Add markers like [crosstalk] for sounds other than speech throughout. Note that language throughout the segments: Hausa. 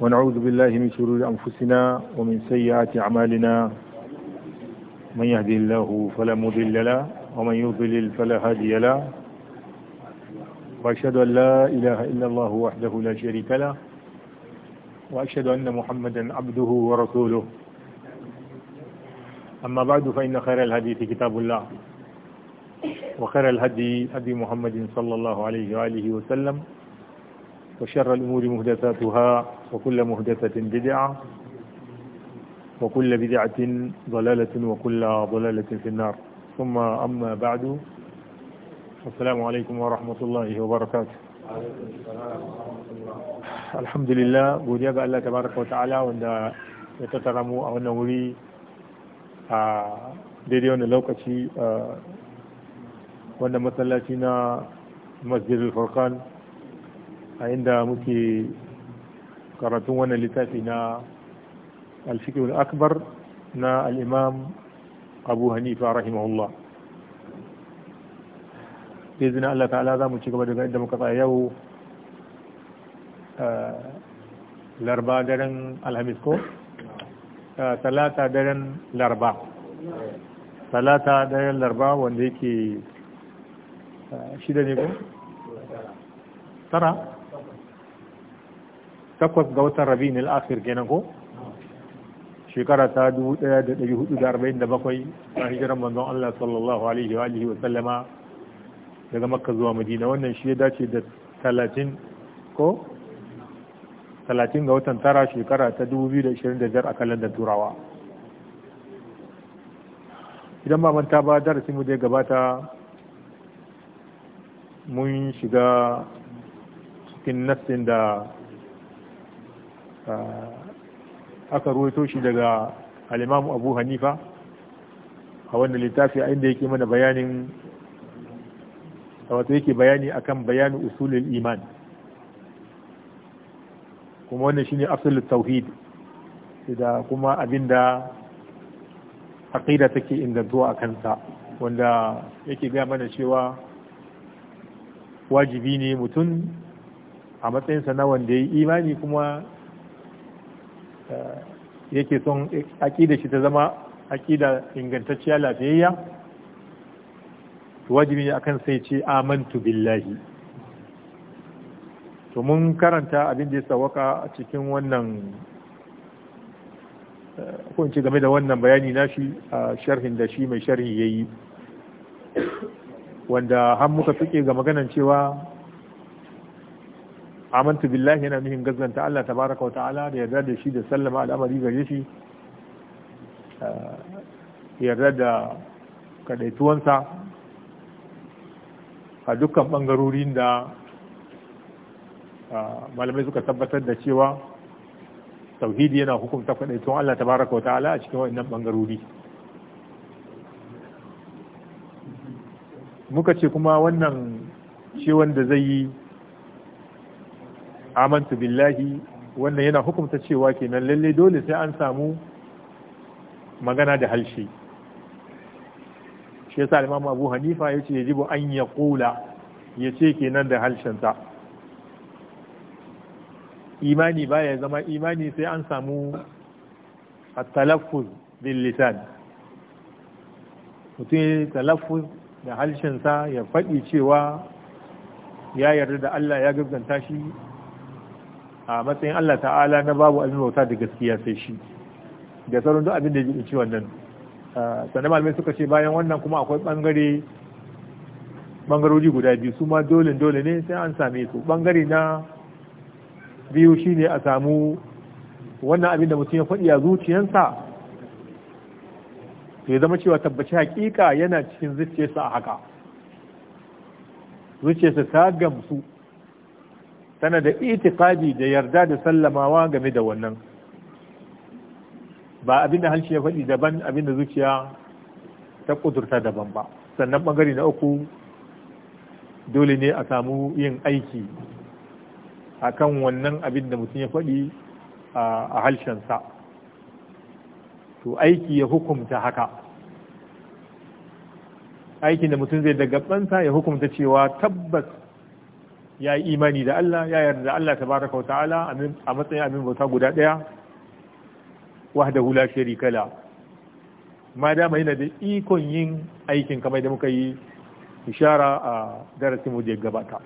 ونعوذ بالله من شرور أنفسنا ومن سيئات أعمالنا من يهدي الله فلا مضل له ومن يضلل فلا هادي له وأشهد أن لا إله إلا الله وحده لا شريك له وأشهد أن محمدا عبده ورسوله أما بعد فإن خير الحديث كتاب الله وخير الهدي هدي محمد صلى الله عليه وآله وسلم وشر الأمور مهدثاتها وكل مهدثة بدعة وكل بدعة ضلالة وكل ضلالة في النار ثم أما بعد السلام عليكم ورحمة الله وبركاته الحمد لله بودي أبقى الله تبارك وتعالى وندى يتترمو أو نوري آه، ديديون اللوكتي آه، وندى مثلاتنا مسجد الفرقان a inda muke karatun wannan littafi na alfikul akbar na al'imam abu hanifa rahimahullah da izinin Allah ta'ala za mu ci gaba daga inda muka tsaya yau eh, larba daren alhamis ko eh, talata daren larba talata daren larba wanda yake eh, shida ne ko tara takwas ga watan rabi na al'afir kenan ko shekara ta 1447 a hijiran manzon Allah sallallahu alaihi wa alihi wa sallama daga makka zuwa madina wannan shi ya dace da 30 ko 30 ga watan tara shekara ta 2025 a kalandar turawa idan ba manta ba darasin mu da ya gabata mun shiga cikin nassin da Ah, aka ruwaito shi daga alimamu abu hanifa a wanda littafi a inda yake mana bayanin a wato yake bayani akan bayanin usulul iman kuma wannan shine absolute tawhid da kuma abinda aqida take ingantuwa a kansa wanda yake gaya mana cewa wajibi ne mutum a matsayinsa na wanda ya yi imani kuma Eh, yake son aƙida shi ta zama aƙida ingantacciya lafiyayya wajibi ne akan sai ce amantu billahi to mun karanta abin da ya sawaka a cikin wannan eh, ko ce game da wannan bayani shi a sharhin da shi mai sharhi yayi wanda har muka fike ga maganan cewa amantu billahi yana nuhin gazganta Allah tabaraka wa ta'ala da yarda da shi da sallama al'amari gare shi eh, yarda da kadaituwansa a dukkan bangarorin da eh, malamai suka tabbatar da cewa tauhidi yana hukunta kadaituwan Allah tabaraka wa ta'ala a cikin wa'annan bangarori muka ce kuma wannan ciwon wanda zai yi amantu billahi wannan yana hukumta cewa kenan lalle dole sai an samu magana da halshe shi yasa Imam Abu Hanifa yace yajibu an yaqula yace kenan da sa. imani baya zama imani sai an samu at-talaffuz bil lisan mutum talaffuz da sa ya faɗi cewa ya yarda da Allah ya gagganta shi a matsayin Allah ta'ala na babu abin bauta da gaskiya sai shi da sauran duk abin da ya ci wannan sannan malamai suka ce bayan wannan kuma akwai bangare bangarori guda biyu su ma dole dole ne sai an same su bangare na biyu shine a samu wannan abin da mutum ya faɗi a zuciyarsa ya zama cewa tabbaci hakika yana cikin zuciyarsa a haka zuciyarsa ta gamsu tana da itikadi da yarda da sallamawa game da wannan ba abinda halshe ya faɗi daban abinda zuciya ta ƙudurta daban ba sannan bangare na uku dole ne a samu yin aiki a kan wannan abin da mutum ya faɗi a halshensa to aiki ya hukumta haka aikin da mutum zai daga ɓansa ya hukumta cewa tabbas ya yi imani da Allah ya yarda da Allah tabaraka wa ta'ala a matsayin abin bauta guda ɗaya wahda hula shari kala ma dama yana da ikon yin aikin kamar da muka yi ishara a darasin mu gabata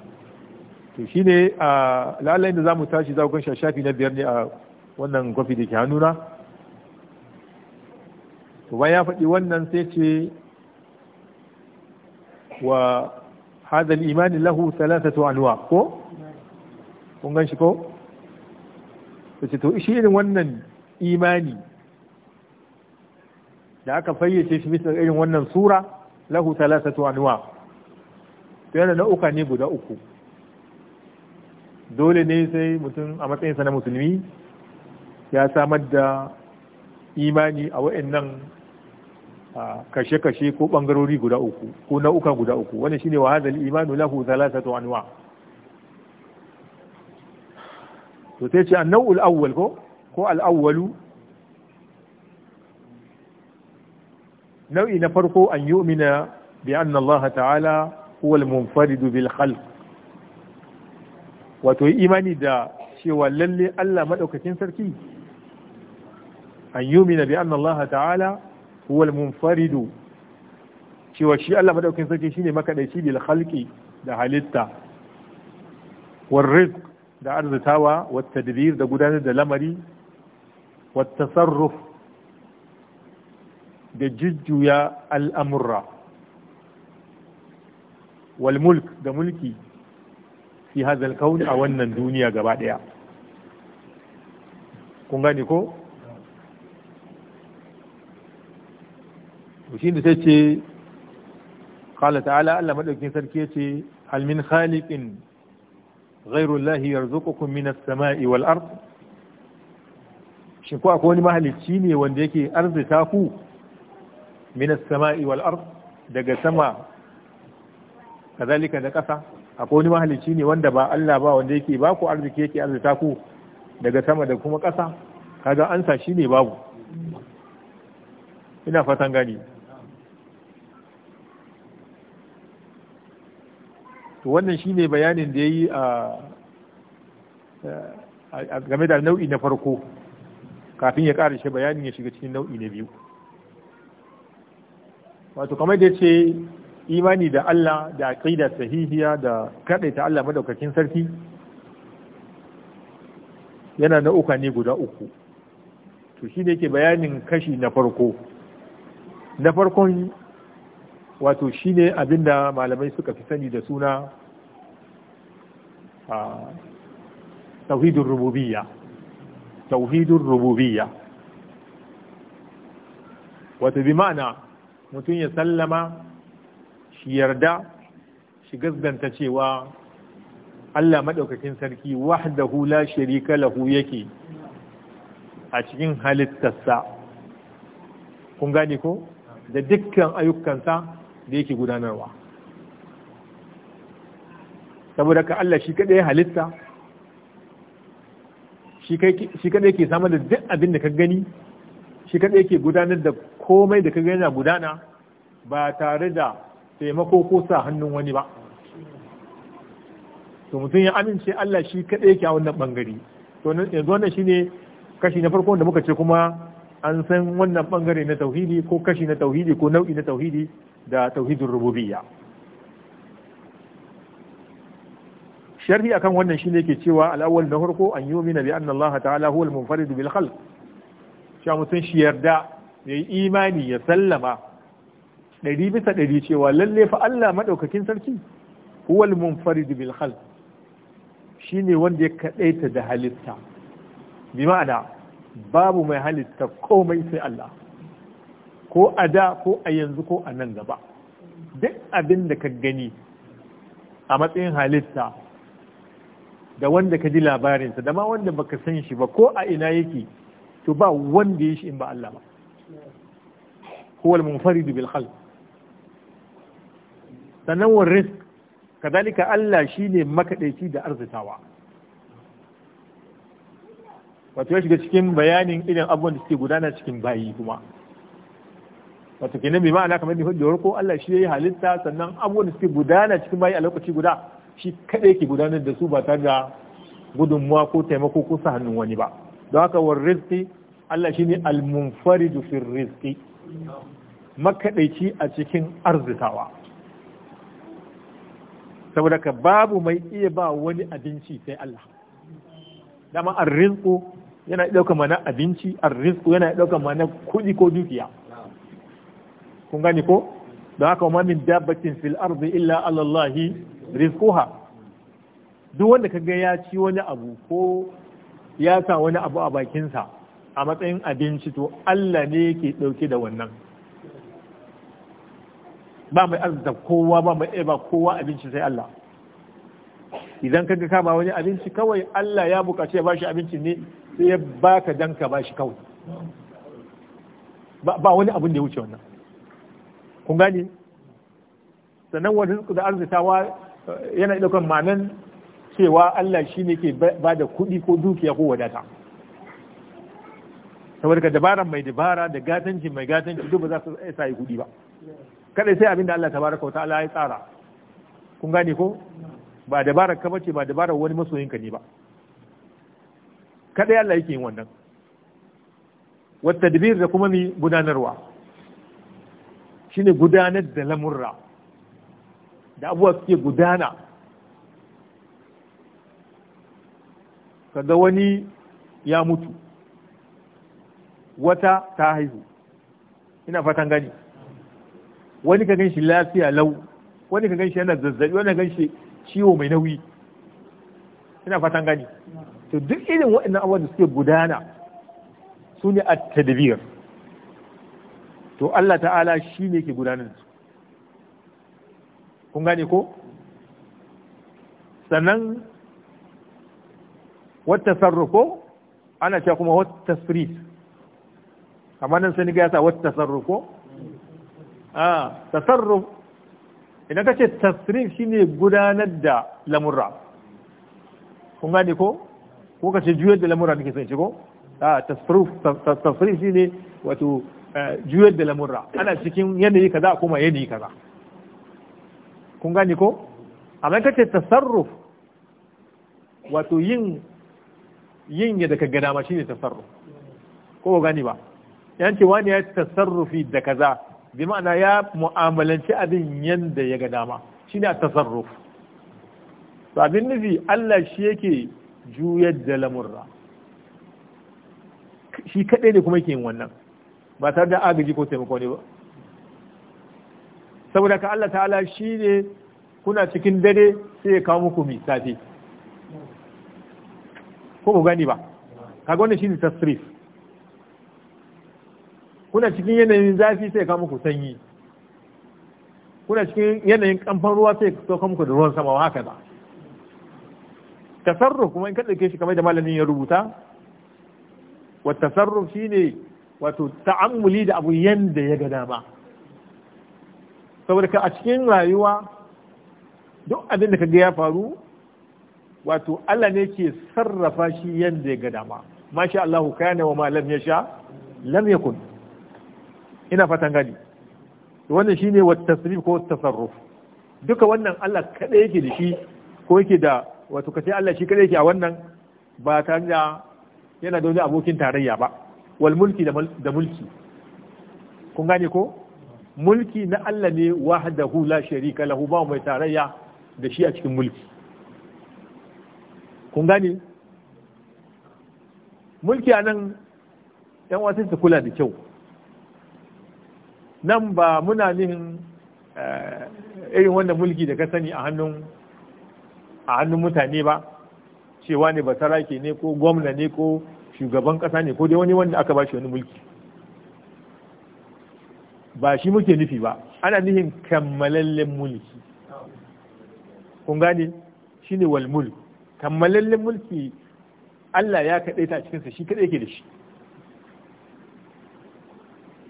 to shi ne a lalai da mu tashi za ku shafi na biyar ne a wannan kwafi da ke hannuna to bayan ya faɗi wannan sai ce wa هذا الإيمان له ثلاثة أنواع كو كون كو فتتو إشي إلي wannan imani da aka fayyace shi bisa irin wannan sura lahu talatatu anwa to yana nau'uka ne guda uku dole ne sai mutum a matsayin sa na musulmi ya samar da imani a wa'annan kashe-kashe ko bangarori guda uku ko nau'uka guda uku wannan shine wa hadal imanu lahu thalathatu anwa to sai ce an-naw'ul awwal ko ko al-awwalu nau'i na farko an yu'mina bi anna Allah ta'ala huwa al-munfarid bil khalq wato yi imani da cewa lalle Allah maɗaukakin sarki an yu'mina bi anna Allah ta'ala huwal munfaridu cewa shi Allah madaukakin sarki shine makadaici bil khalqi da halitta war rizq da arzitawa wat tadbir da gudanar da lamari wat tasarruf da jujjuya al'amurra wal mulk da mulki fi hazal kauni a wannan duniya gaba daya kun gane ko shi da sai ce kala ta'ala Allah madaukin sarki yace hal min khaliqin ghayru Allah yarzuqukum min as-sama'i wal ard shin ko akwai wani mahalicci ne wanda yake arzita ku min as-sama'i wal ard daga sama kazalika da kasa akwai wani mahalicci ne wanda ba Allah ba wanda yake ba ku arziki yake arzita ku daga sama da kuma kasa kaga ansa shine babu ina fatan gani to wannan shine bayanin da ya yi a game da nau'i na farko kafin ya shi, bayanin ya shiga cikin nau'i na biyu wato kamar da ce imani da Allah da aqida sahihiya da kaɗaita Allah madaukakin sarki yana na uka ne guda uku to shine yake bayanin kashi na farko na farkon wato shine abinda malamai suka fi sani da suna tauhidin rububiyya tauhidun rububiyya wato bi ma'ana mutum ya sallama shi yarda shi gazganta cewa Allah maɗaukakin sarki wahda hula shirika lahu yake a cikin halittarsa kun gane ko da dukkan ayyukansa da yake gudanarwa saboda ka Allah shi kadai halitta shi kadai yake samar da duk abin da ka gani shi kadai yake gudanar da komai da ka gani na gudana ba tare da taimako ko sa hannun wani ba to mutum ya amince Allah shi kadai yake a wannan bangare to yanzu wannan shine kashi na farko da muka ce kuma an san wannan bangare na tauhidi ko kashi na tauhidi ko nau'i na tauhidi da tauhidin rububiyya sharhi akan wannan shine ke cewa al'awwal na farko an yumina bi anna Allah ta'ala huwa al-munfarid bil khalq cewa mutum shi yarda yayi imani ya sallama ɗari bisa ɗari cewa lalle fa Allah madaukakin sarki huwa al-munfarid bil khalq shine wanda ya kadaita da halitta bi ma'ana babu mai halitta komai sai Allah ko a da ko a yanzu ko a nan gaba duk abin da ka gani a matsayin halitta da wanda ka ji labarinsa da ma wanda baka san shi ba ko a ina yake to ba wanda ya shi in ba Allah ba huwal munfaridu bil khalq sannan wa rizq kadalika Allah shine makadaici da arzitawa wato ya shiga cikin bayanin irin abubuwan da suke gudana cikin bayi kuma wato kenan bai ma'ana kamar nufin da ko Allah shi ya yi halitta sannan abubuwan da suke gudana cikin bayi a lokaci guda shi kaɗai ke gudanar da su ba ta ga gudunmuwa ko taimako ko sa hannun wani ba don haka war riski Allah shi ne almunfari Dufin riski makaɗaici a cikin arzikawa saboda ka babu mai iya ba wani abinci sai Allah dama arrizku yana ɗaukar mana abinci arrizku yana ɗauka mana kuɗi ko dukiya kun gani ko don haka ma min dabbatin fil ardi illa alallahi rizquha duk wanda kaga ya ci wani abu ko ya sa wani abu a bakin sa a matsayin abinci to Allah ne yake dauke da wannan ba mai arzuta kowa ba mai ba kowa abinci sai Allah idan kaga ka ba wani abinci kawai Allah ya bukaci ya bashi abinci ne sai ya baka dan ka bashi kawai ba wani abin da ya wuce wannan kun gani sannan wani rizku da arzikawa eh, yana ɗaukar manan cewa Allah shi ne ke ba da kuɗi ko dukiya ko wadata saboda ka dabara mai dabara da gatanci mai gatanci duk ba za su sa yi kuɗi ba kada sai abin da Allah baraka wata Allah ya tsara kun gane ko ba dabara ka bace ba dabara wani masoyinka ne ba kada Allah yake yin wannan wata dabir da kuma mi gudanarwa shine gudanar da lamurra da abuwa suke gudana kaga wani ya mutu wata ta haihu ina fatan gani wani ka gan shi lafiya lau wani ka gan shi yana zazzabi wani ka gan shi ciwo mai nauyi ina fatan gani to duk irin waɗannan abubuwan da suke gudana su ne a tadbir to Allah ta'ala shi ne ke gudanar su kun gane ko sannan wata sarrufo ana cewa kuma wata spirit amma nan sani sa wata sarrufo a ah, sarruf idan ka ce tasrif ne gudanar da lamurra kun gane ko ko ka ce juyar da lamurra da ke sai ko a ah, tasrif ne wato Eh, juyar da lamurra ana cikin yanayi kaza kuma yanayi kaza kun gani ko amma kace tasarruf wato yin yin ya daga gada ma shine tasarruf ko gani ba yanci wani ya tasarrufi da kaza bi ma'ana ya mu'amalanci abin yanda ya ga dama shine tasarruf to abin nufi Allah shi yake juyar da lamurra shi kadai ne kuma yake yin wannan ba tare da agaji ko taimako ne ba saboda ka Allah ta'ala shi ne kuna cikin dare sai ya kawo muku misafi ko ku gani ba kaga wannan shi ne tasrif kuna cikin yanayin zafi sai ya kawo muku sanyi kuna cikin yanayin kamfan ruwa sai ya kawo muku da ruwan sama haka ba tasarruf kuma in ka ɗauke shi kamar da malamin ya rubuta wa tasarruf shine wato ta'ammuli da abu yanda ya ga dama saboda ka a cikin rayuwa duk abin da kaga ya faru wato Allah ne ke sarrafa shi yanda ya ga dama masha Allahu kana wa ma lam yasha lam yakun ina fatan gani wannan shine wa tasrif ko tasarruf duka wannan Allah kada yake da shi ko yake da wato kace Allah shi kada yake a wannan ba tare da yana da wani abokin tarayya ba wal mulki da mulki kun gane ko mulki na Allah ne wahdahu la sharika lahu ba mai tarayya da shi a cikin mulki kun gane mulki anan ɗan yan wasu su kula da kyau nan ba muna nihin eh, irin wannan mulki da ka sani a hannun a hannun mutane ba cewa ne ba basarake ne ko gwamna ne ko shugaban kasa ne ko dai wani wanda aka bashi wani mulki ba shi muke nufi ba ana nufin kammalallen mulki kun gane ne wal mulk kammalallen mulki Allah ya kaɗaita a cikinsa shi kaɗai ke da shi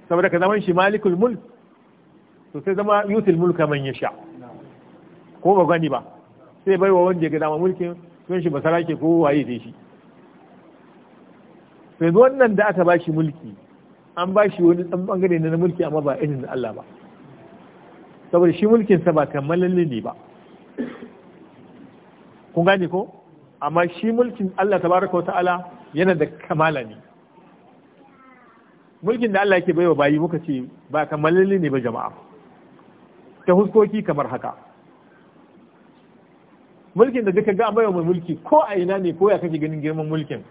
saboda ka zaman shi malikul mulk to sai zama yutul mulka man ya sha ko ba gani ba sai baiwa wanda ya ga dama mulkin sun shi ba ke ko waye dai shi yanzu wannan da aka bashi mulki an bashi wani dan bangare na mulki amma ba da Allah ba saboda shi mulkin sa ba kammalalle ne ba kun gane ko amma shi mulkin Allah tabaraka ta'ala yana da kamala ne mulkin da Allah yake baiwa bayi muka ce ba kammalalle ne ba jama'a ta huskoki kamar haka mulkin da duka ga baiwa mai mulki ko a ina ne ko ya kake ganin girman mulkin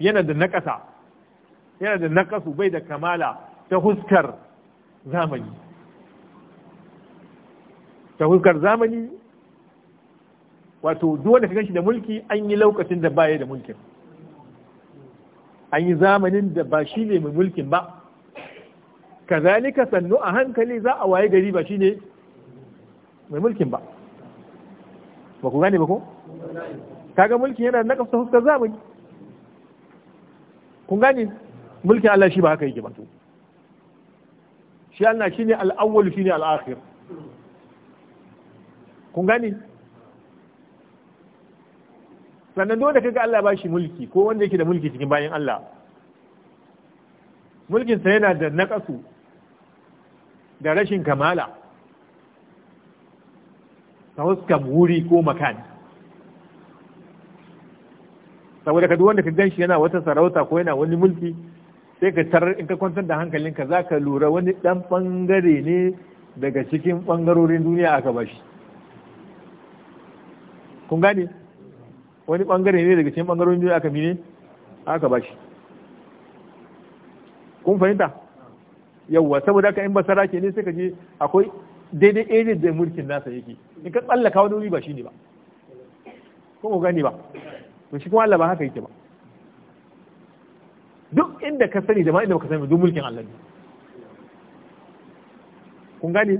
yana da naƙasa yana da nakasu bai da kamala ta huskar zamani ta huskar zamani wato dole ka ganshi da mulki an yi lokacin da baya da mulkin an yi zamanin da ba shi ne mai mulkin ba kazalika sannu a hankali za a waye gari ba shi ne mai mulkin ba ba ku gane ba ko kaga mulki yana nakasa huskar zamani kun gane mulkin Allah shi ba haka yake ba shi Allah shine al-awwal ni al-akhir kun gane sannan dole kaga Allah ba shi mulki ko wanda yake da mulki cikin bayan Allah sai yana da naqasu da rashin kamala ta wasu wuri ko makani saboda ka duk wanda ka ganshi yana wata sarauta ko yana wani mulki sai ka tarar in ka kwantar da hankalinka za ka lura wani dan bangare ne daga cikin bangarorin duniya aka bashi kun gane wani bangare ne daga cikin bangarorin duniya aka mine aka bashi kun fahimta yawwa saboda ka in ba sarake ne sai ka je akwai daidai area da mulkin nasa yake in ka tsallaka wani wuri ba shi ne ba ko gani ba to shi kuma Allah ba haka yake ba duk inda ka sani da ma inda ka sani duk mulkin Allah ne kun gane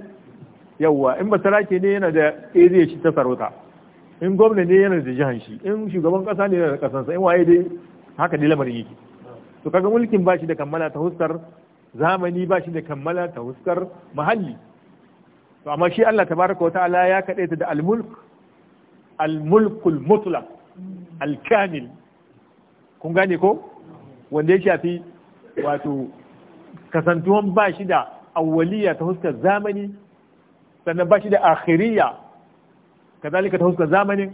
yawa in basarake ne yana da area shi ta sarauta in gwamna ne yana da jihan shi in shugaban kasa ne yana da kasansa in waye dai haka dai lamarin yake to kaga mulkin ba shi da kammala ta huskar zamani ba shi da kammala ta huskar muhalli to amma shi Allah tabaraka wa ta'ala ya kadaita da al-mulk al-mulkul mutlaq alkamil kun gane ko wanda ya shafi wato kasantuwan ba shi da awwaliya ta huskar zamani sannan ba shi da akhiriya kazalika ta huskar zamanin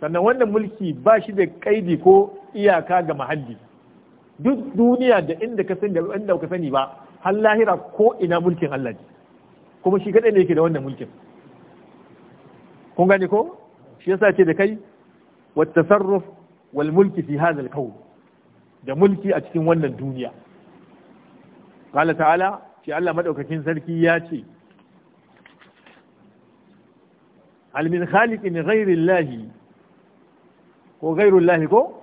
sannan wannan mulki ba shi da kaidi ko iyaka ga mahalli duk duniya da inda ka sani da inda ka sani ba har lahira ko ina mulkin Allah ne kuma shi kadai ne yake da wannan mulkin kun gane ko shi yasa ce da kai والتصرف والملك في هذا الكون da mulki a cikin wannan duniya قال تعالى shi Allah madaukakin sarki ya ce Almin min khaliqin ghairillahi ko ghairillahi ko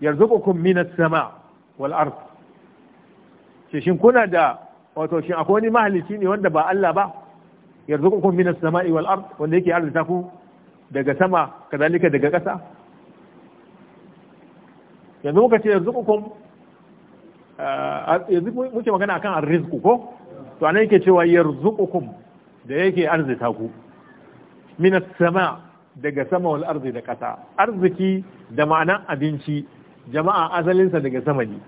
yarzuqukum min as-sama wal shin kuna da wato akwai wani mahalici ne wanda ba Allah ba yarzuqukum min as-sama'i wal ard wanda yake arzuta ku daga sama kazalika daga ƙasa yanzu muka ce yanzu hukum eh, yanzu muke magana akan arrizku ko to anan yake cewa yarzuqukum da yake arzita ku minas sama daga sama wal arzi da ƙasa arziki da ma'anan abinci jama'a asalinsa daga sama ne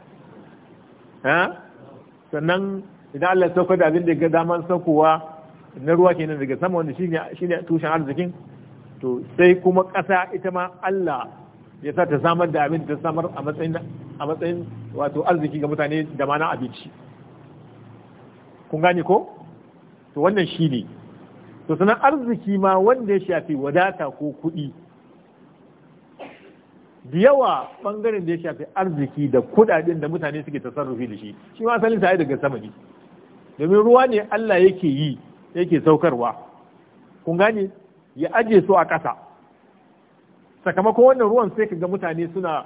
sannan idan Allah ya sauka da abin da ya ga daman saukowa na ruwa kenan daga sama wanda shine shine tushen arzikin to sai kuma ƙasa ita ma Allah ya sa ta samar da abin ta samar a matsayin wato arziki ga mutane da ma abinci kun gane ko to wannan shi ne to sanan arziki ma wanda ya shafi wadata ko kuɗi da yawa bangaren da ya shafi arziki da kuɗaɗen da mutane suke tasarrufi da shi shi ma asalin sai daga sama ne domin ruwa ne Allah yake yi yake saukarwa kun gane ya aje su a ƙasa sakamakon wannan ruwan sai ka ga mutane suna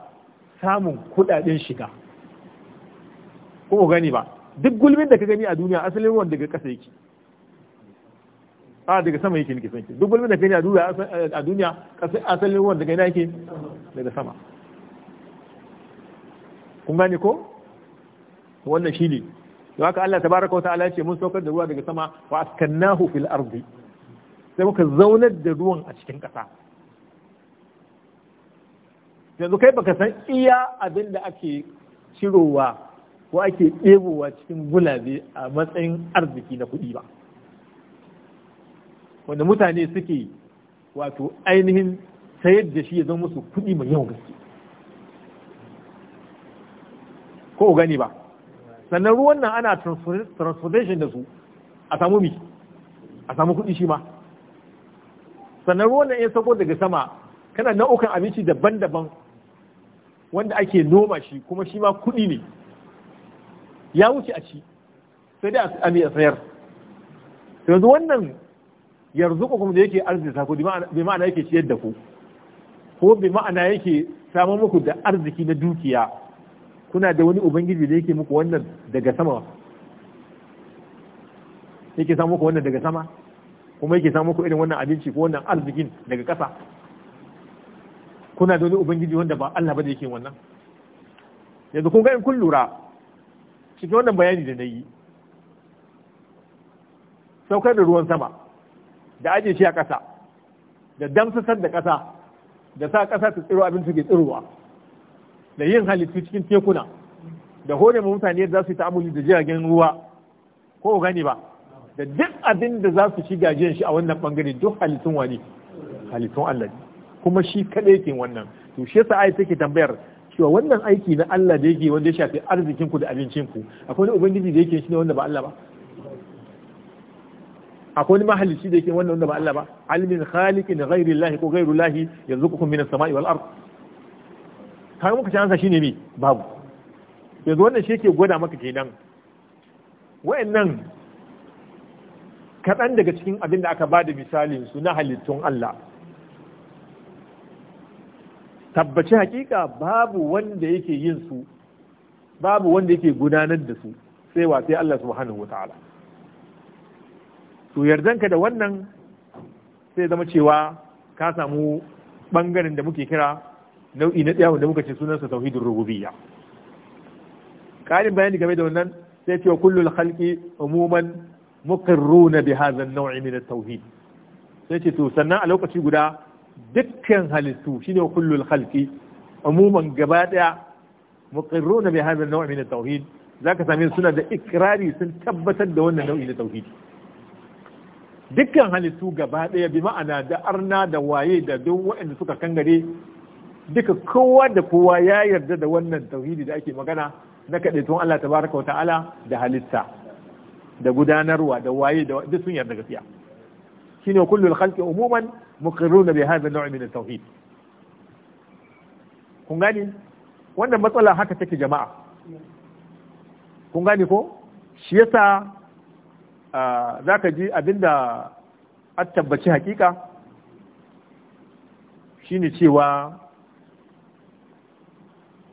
samun kuɗaɗen shiga ko gani ba duk gulmin da ka gani a duniya asalin ruwan daga ƙasa yake a ah, daga sama yake nake sanki duk gulmin da ka gani a duniya asalin ruwan daga yake daga sama kun gane ko wannan shi ne da haka Allah tabaraka wa ta'ala ya ce mun saukar da ruwa daga sama wa askannahu fil ardi sai muka zaunar da ruwan a cikin ƙasa yanzu kai baka san iya abin da ake cirowa ko ake ɗebowa cikin gulabe a matsayin arziki na kuɗi ba wanda mutane suke wato ainihin sayar da shi ya zama su kuɗi mai yawan gaske ko gani ba sannan ruwan nan ana transportation da su a samu mi a samu kuɗi shi ma sannan ruwan nan ya sauko daga sama kana nau'ukan abinci daban-daban wanda ake noma shi kuma shi ma kuɗi ne ya wuce a ci sai dai a sayar yanzu wannan yanzu kuma da yake arzika ku bi ma'ana yake ciyar da ku ko bi ma'ana yake samun muku da arziki na dukiya kuna da wani ubangiji da yake muku wannan daga sama yake samu muku wannan daga sama kuma yake samu ku irin wannan abinci ko wannan arzikin daga ƙasa kuna da wani ubangiji wanda ba Allah ba da yake wannan yanzu kun ga in kun lura cikin wannan bayani da na yi saukar da ruwan sama da aje shi a ƙasa da damsasar da ƙasa da sa ƙasa ta tsiro abin ke tsirowa da yin halittu cikin tekuna da hore mutane da za su yi ta'amuli da jiragen ruwa ko gani ba da duk abin da za su shiga gajiyan shi a wannan bangare duk halittun wani halittun Allah ne kuma shi kadai yake wannan to shi yasa ai take tambayar cewa wannan aiki na Allah da yake wanda ya shafi arzikin ku da abincin ku akwai wani ubangiji da yake shi ne wanda ba Allah ba akwai wani mahallici da yake wannan wanda ba Allah ba alimin khaliqin ghairi llahi ko ghairu llahi yarzuqukum minas sama'i wal ard ka muka canza shine me babu yanzu wannan shi yake gwada maka kenan wayannan kaɗan daga cikin abin da aka ba da misalin su na halittun Allah tabbaci hakika babu wanda yake yin su babu wanda yake gudanar da su sai wa sai Allah subhanahu wa ta'ala to yardanka da wannan sai zama cewa ka samu ɓangaren da muke kira nau'i na ɗaya da muka ce sunansa tauhidin rububiyya ƙarin bayani game da wannan sai cewa kullum halke umuman muqirruna bi hadha an-naw'i min at-tauhid sai ce to sannan a lokaci guda dukkan halittu shine kullul khalqi umuman gaba daya muqirruna bi hadha an-naw'i min at-tauhid zaka same suna da ikrari sun tabbatar da wannan nau'i na tauhid dukkan halittu gaba daya bi ma'ana da arna da waye da duk waɗanda suka kangare duka kowa da kowa ya yarda da wannan tauhidi da ake magana na kaɗaitun Allah tabaraka wa ta'ala da halitta da gudanarwa da waye da duk sun yarda gaskiya shine al khalqi umuman muqirruna bi hadha an-naw' min at-tauhid kun gani wannan matsala haka take jama'a kun gani ko shi yasa zaka ji abinda a tabbaci hakika shine cewa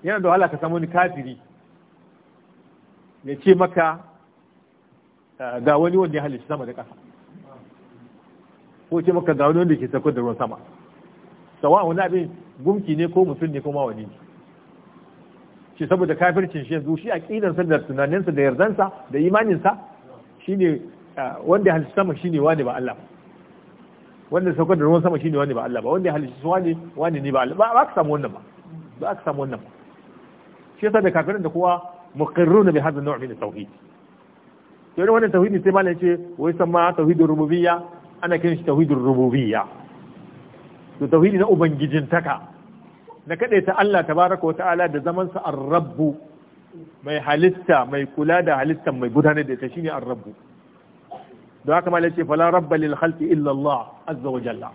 yana da wahala ka samu ni kafiri ya ce maka ga wani wanda ya halitta sama da ƙasa ko ce maka ga wani wanda ke sako da ruwan sama sawa wani abin gumki ne ko mutum ne ko ma wani shi saboda kafircin shi yanzu shi a sa da tunaninsa da yardansa da imaninsa ne wanda ya halitta sama shi ne wani ba Allah ba wanda saukar da ruwan sama ne wani ba Allah ba wanda halitta wani wani ne ba Allah ba a ka samu wannan ba ba samu wannan ba shi yasa da kafirin da kowa muqirrun bi hadha an-naw' min at-tauhid to irin wannan tauhidi sai malam ce wai san ma tauhidur rububiyya ana kiran shi tauhidur rububiyya to tauhidi na ubangijin taka na ta Allah tabaraka wa ta'ala da zaman sa ar-rabbu mai halitta mai kula da halitta mai gudanar da ita shine ar-rabbu don haka malam ce fala rabba lil khalqi illa Allah azza wa jalla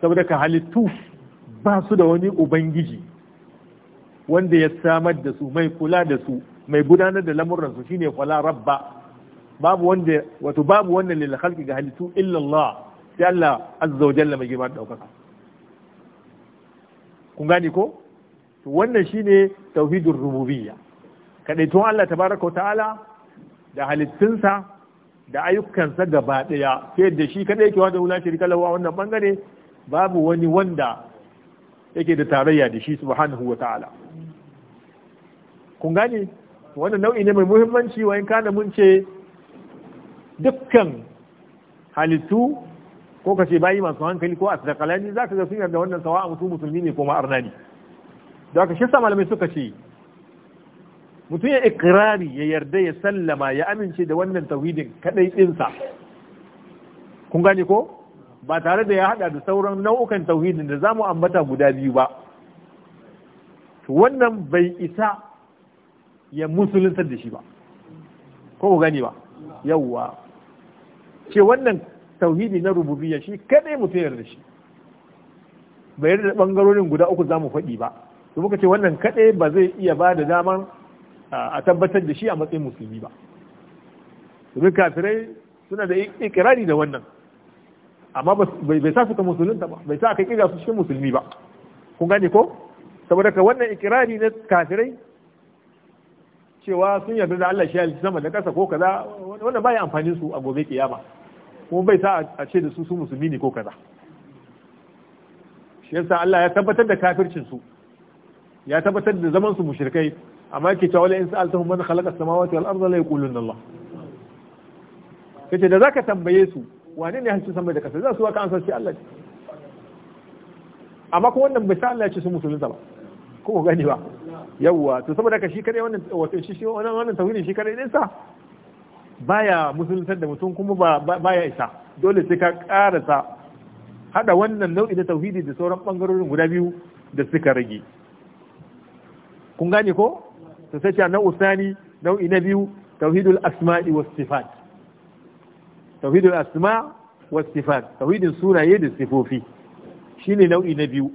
saboda ka halittu ba su da wani ubangiji wanda ya samar da su mai kula da su mai gudanar da lamuransu shine fala rabba babu wanda wato babu wannan lil khalqi ga halittu illa Allah sai Allah azza wa jalla mai girma daukaka kun gane ko to wannan shine tauhidur rububiyya to Allah tabaraka wa ta'ala da halittunsa da ayyukansa gaba daya sai da shi kaɗai yake wanda wula shirka lahu a wannan bangare babu wani wanda yake da tarayya da shi subhanahu wa ta'ala kun gane wannan nau'i ne mai muhimmanci wa in kana mun ce dukkan halittu ko ka ce bayi masu hankali ko asdakalani za ka ga sun yarda wannan sawa a mutum musulmi ne ko ma'arna ne da aka shi malamai suka ce mutum ya ikirari ya yarda ya sallama ya amince da wannan tauhidin kadai tsinsa kun gane ko ba tare da ya hada da sauran nau'ukan tauhidin da zamu ambata guda biyu ba wannan bai isa ya musulunta da shi ba ko ku ba yawwa ce wannan tauhidi na rububiyya shi kadai mutum yarda shi bai yarda da bangarorin guda uku zamu faɗi ba to muka ce wannan kadai ba zai iya ba da daman a tabbatar da shi a matsayin musulmi ba domin kafirai suna da ikirari da wannan amma bai sa suka musulunta ba bai sa aka kira su cikin musulmi ba kun gane ko saboda ka wannan ikirari na kafirai cewa sun yarda da Allah shi sama da kasa ko kaza wannan baya amfanin su a gobe kiyama kuma bai sa a ce da su su musulmi ne ko kaza shi yasa Allah ya tabbatar da kafircin su ya tabbatar da zaman su mushrikai amma yake cewa wala in sa'altahum man khalaqa as-samawati wal arda la yaquluna Allah kace da zaka tambaye su wane ne halicci sama da kasa za su waka an ansa sai Allah amma kuma wannan bai sa Allah ya ce su musulmi ba ko gani ba yawwa to saboda ka shi kare wannan wato shi wannan wannan tauhidin shi kare din sa baya musulunta da mutum kuma baya isa dole sai ka karasa hada wannan nau'i na tauhidi da sauran bangarorin guda biyu da suka rage kun gane ko to sai cewa nau'u sani nau'i na biyu tauhidul asma'i was sifat tauhidul asma was sifat tauhidin sunaye da sifofi shine nau'i na biyu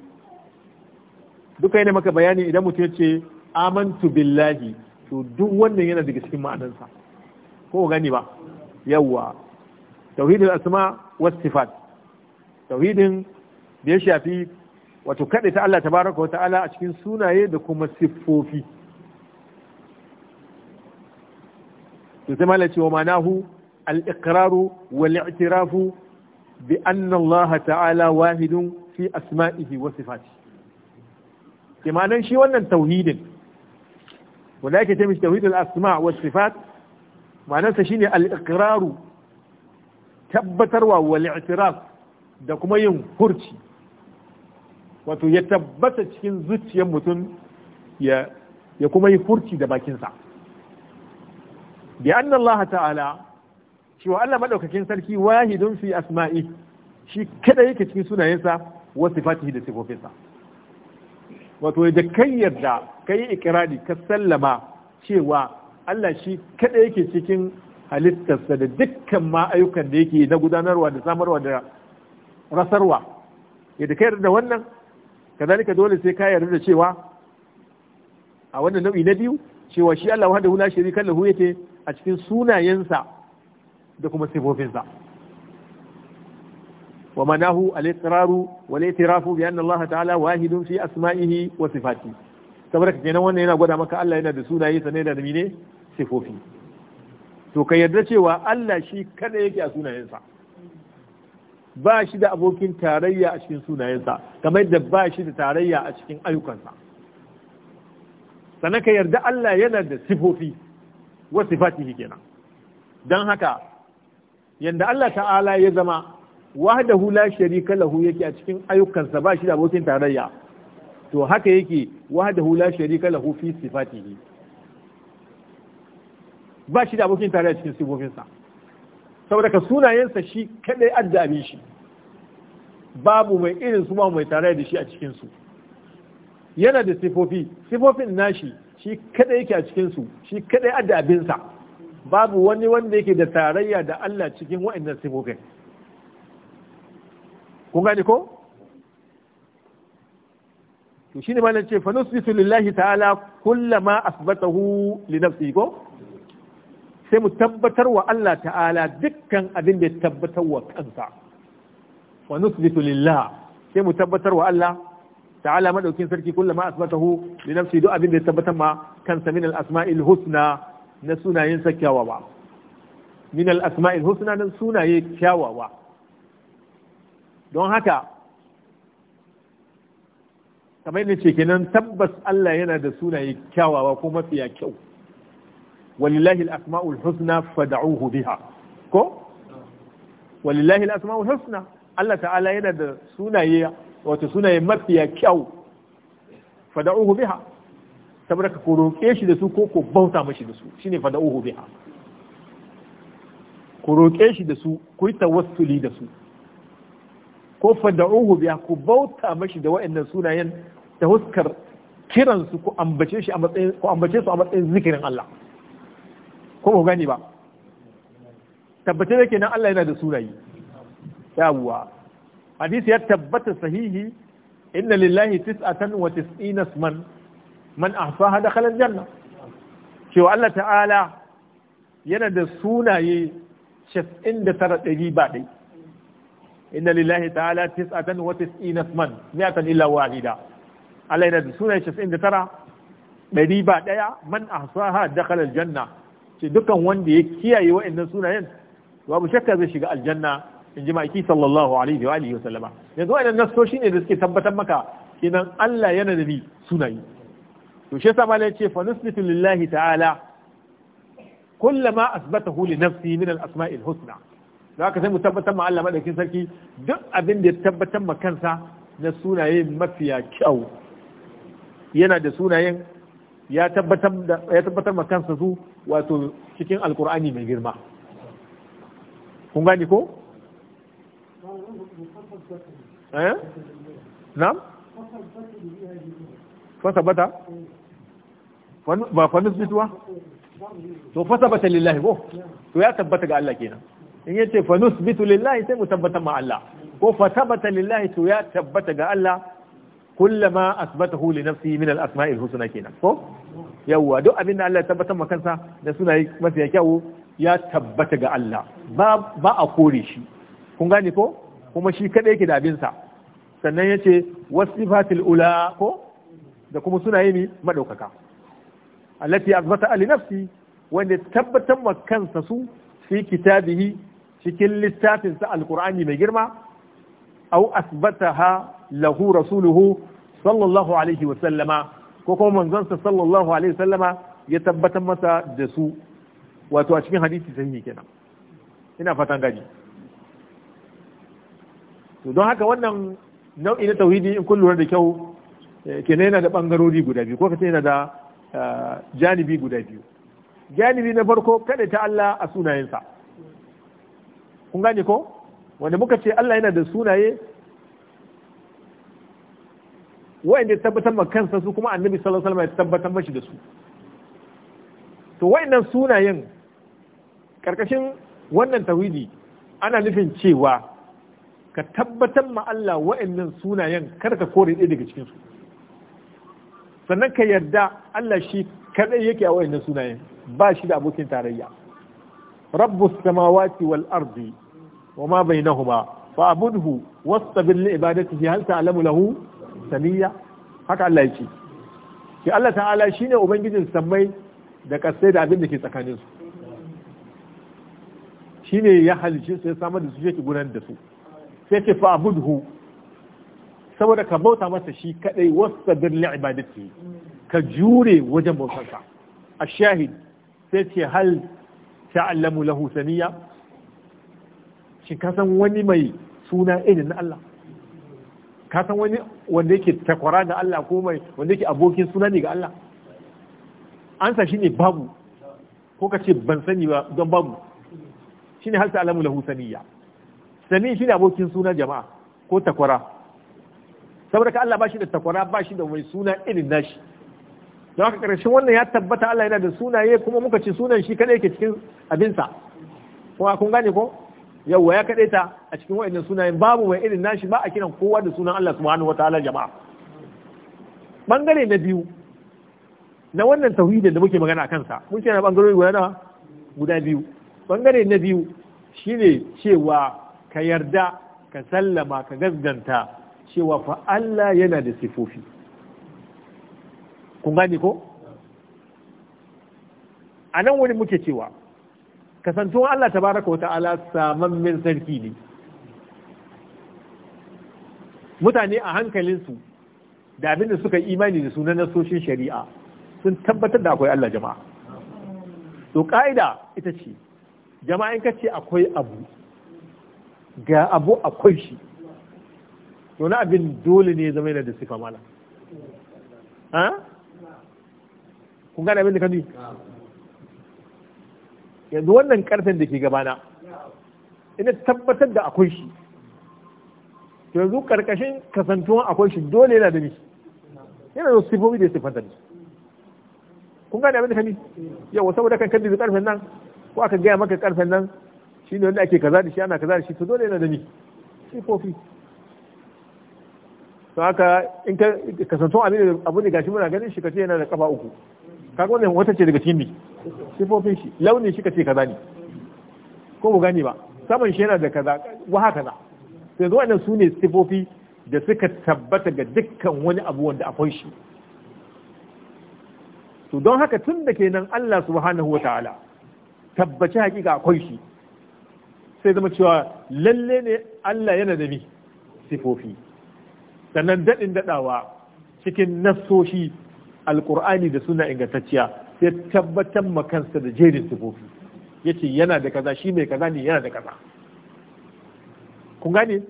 duka yana maka bayani idan mutum ya ce amantu billahi to duk wannan yana daga cikin ma'anarsa ko gani ba yawwa tauhidin asma was sifat tauhidin da ya shafi wato kaɗe ta Allah tabaraka wa ta'ala a cikin sunaye da kuma siffofi to sai malai cewa manahu al-iqraru wal i'tirafu bi anna Allah ta'ala wahidun fi asma'ihi wa sifati kimanan shi wannan tauhidin wanda yake ce mishi tauhidul asma' was sifat ma'anarsa shine al-iqraru tabbatarwa wal i'tiraf da kuma yin hurci wato ya tabbata cikin zuciyar mutum ya kuma yi hurci da bakinsa bi anna Allah ta'ala cewa Allah madaukakin sarki wahidun fi asma'i shi kada yake cikin sunayensa wasu sifatihi da sifofinsa wato da kai yarda kai ikirari ka sallama cewa Allah shi kada yake cikin halittarsa da dukkan ma ayyukan da yake na gudanarwa da samarwa da rasarwa yadda ka yarda da wannan kazalika dole sai ka yarda da cewa a wannan nau'i na biyu cewa shi Allah wahdahu la sharika lahu yake a cikin sunayensa da kuma sifofinsa wa manahu al-iqraru wal i'tirafu bi anna Allah ta'ala wahidun fi asma'ihi wa sifatihi saboda kenan wannan yana gwada maka Allah yana da sunaye sanai da mine sifofi to ka yarda cewa Allah shi kada yake a sunayensa ba shi da abokin tarayya a cikin sunayensa kamar da ba shi da tarayya a cikin ayyukansa sannan ka yarda Allah yana da sifofi wa sifatihi kenan don haka yanda Allah ta'ala ya zama wahdahu la sharika lahu yake a cikin ayyukansa ba shi da abokin tarayya to haka yake wahdahu la sharika lahu fi sifatihi ba shi da abokin tare a cikin sifofinsa saboda ka sunayensa shi kadai addabi shi babu mai irin su mai tare da shi a cikinsu yana da sifofi sifofin nashi shi kadai yake a cikinsu su shi kadai abinsa babu wani wanda yake da tarayya da Allah cikin waɗannan sifofin kun gane ko to shine malam ce fa nusbitu lillahi ta'ala kullama asbatahu li nafsihi ko sai mu tabbatar wa Allah ta'ala dukkan abin da ya tabbatar wa kansa wa nusbitu lillah sai mu tabbatar wa Allah ta'ala madaukin sarki kullama asbatahu li nafsi duk abin da ya tabbatar ma kansa min al-asma'il husna na sunayen sa kyawawa min al-asma'il husna na sunaye kyawawa don haka kamar ne ce kenan tabbas Allah yana da sunaye kyawawa ko mafiya kyau walillahi al-asma'ul husna fad'uhu biha ko walillahi al-asma'ul husna Allah ta'ala yana da sunaye wato sunaye mafiya kyau fada'uhu biha saboda ka roƙe shi da su ko ko bauta mashi da su shine fada'uhu biha ku roƙe shi da su ku yi tawassuli da su ko fada'uhu biha ku bauta mashi da wa'annan sunayen ta huskar kiransu ku ambace shi a ku ambace su a matsayin zikirin Allah ko ba gani ba tabbace da kenan Allah yana da sunayi yawuwa hadisi ya tabbata sahihi inna lillahi tis'atan wa tis'ina isman man ahsaha dakhala janna cewa Allah ta'ala yana da sunaye 99 ɗari ba ɗai inna lillahi ta'ala tis'atan wa tis'ina man mi'atan illa wahida Allah yana da sunaye 99 ɗari ba ɗaya man ahsaha dakhala janna. ce dukan wanda ya kiyaye wa'annan sunayen babu shakka zai shiga aljanna in ji ma'aiki sallallahu alaihi wa alihi wa sallama yanzu wa'annan nasoshi ne da suke tabbatar maka kenan Allah yana da ni sunayi to shi yasa malai ce fa nusbitu lillahi ta'ala kullama asbatahu li nafsi min al-asma'il husna da haka sai mu tabbatar ma Allah madaukin sarki duk abin da ya tabbatar ma kansa na sunaye mafiya kyau yana da sunayen ya tabbatar ma kansa su wato cikin alkur'ani mai girma kun gani ko? eh? na? bata? ba fanus bituwa? to bata lillahi ko? to ya tabbata ga Allah kenan in yace fanus bitu lillahi sai mu tabbata ma Allah ko bata lillahi to ya tabbata ga Allah kullama asbatahu huli na fi minal asma'il husna kenan ko yawwa duk abin da Allah ya tabbatar ma kansa da suna yi mafiya kyau ya tabbata ga Allah ba a kore shi kun gane ko kuma shi kaɗai yake da abin sa sannan yace wasifatil ula ko da kuma yi yi madaukaka allati asbata Ali nafsi wanda tabbatar ma kansa su fi kitabihi cikin littafinsa alkur'ani mai girma au asbataha lahu rasuluhu sallallahu alaihi wa sallama ko kuma manzonsa sallallahu alaihi wa sallama ya tabbatar masa da su wato a cikin hadisi sahihi kenan ina fatan gani to don haka wannan nau'i na tauhidi in kun lura da kyau kenan yana da bangarori guda biyu ko kace yana da janibi guda biyu janibi na farko kada ta Allah a sunayensa kun gane ko wanda muka ce Allah yana da sunaye wa'anda ya tabbatar ma kansa su kuma annabi sallallahu alaihi wasallam ya tabbatar mashi da su to wa'annan sunayen karkashin wannan tauhidi ana nufin cewa ka tabbatar ma Allah wa'annan sunayen kar ka kore ɗaya daga cikin su sannan ka yarda Allah shi kadai yake a wa'annan sunayen ba shi da abokin tarayya rabbus samawati wal ardi wa ma bainahuma fa abudhu wastabir li ibadatihi hal ta'lamu lahu samiyya haka Allah yake ki Allah ta'ala shine ubangijin sammai da kasai da abin da ke tsakanin su shine ya halice ya samar da su ki gudanar da su sai ce saboda ka bauta masa shi kadai wastabir li ibadatihi ka jure wajen bautarsa a shahid sai ce hal ta'lamu lahu samiyya shi ka san wani mai suna irin na Allah ka san wani wanda yake takwara da Allah ko mai wanda yake abokin suna ne ga Allah ansa shi ne babu ko ka ce ban sani ba don babu shi ne halsa alamu lahu saniya sani shi ne abokin suna jama'a ko takwara saboda ka Allah ba shi da takwara ba shi da mai suna irin nashi don haka karshen wannan ya tabbata Allah yana da sunaye kuma muka ce sunan shi kada yake cikin abinsa kuma kun gane ko yawwa ya kaɗe ta a cikin waɗannan sunayen babu mai irin nashi ba a kiran kowa da sunan Allah subhanahu ta'ala jama'a bangare na biyu na wannan tauhidin da muke magana kansa mun ce na bangarori guda na guda biyu bangare na biyu shine cewa ka yarda ka sallama ka gazganta cewa fa Allah yana da sifofi kun gane ko a nan wani muke cewa Kasantun Allah Ta tabaraka wa ta'ala min sarki ne mutane a hankalinsu da abin da suka imani da sunan nasoshin shari'a sun tabbatar da akwai Allah jama'a to ka'ida ita ce jama'a in kace akwai abu ga abu akwai shi to na abin dole ne zama yana da sifa mala kun gane abin da ka yanzu wannan karfen da ke gabana ina tabbatar da akwai shi to yanzu karkashin kasantuwan akwai shi dole yana da ni yana da sifofi da sifanta ni kun gane abin da kani yau saboda kan kaddi karfen nan ko aka gaya maka karfen nan shi ne wanda ake kaza da shi ana kaza da shi to dole yana da ni sifofi to haka in ka kasantuwan abin da abu ne gashi muna ganin shi kace yana da kafa uku kaga wannan wata ce daga cikin sifofin shi launin shi kace kaza ne ko mu gani ba saman shi yana da kaza wa haka na sai zuwa wannan sune sifofi da suka tabbata ga dukkan wani abu wanda akwai shi to don haka tun da kenan Allah subhanahu wa ta'ala tabbaci hakika akwai shi sai zama cewa lalle ne Allah yana da ni sifofi sannan daɗin daɗawa cikin nassoshi alkur'ani da suna ingantacciya sai tabbatar ma kansa da jerin ya ce yana da kaza shi mai kaza ne yana da kaza kun gane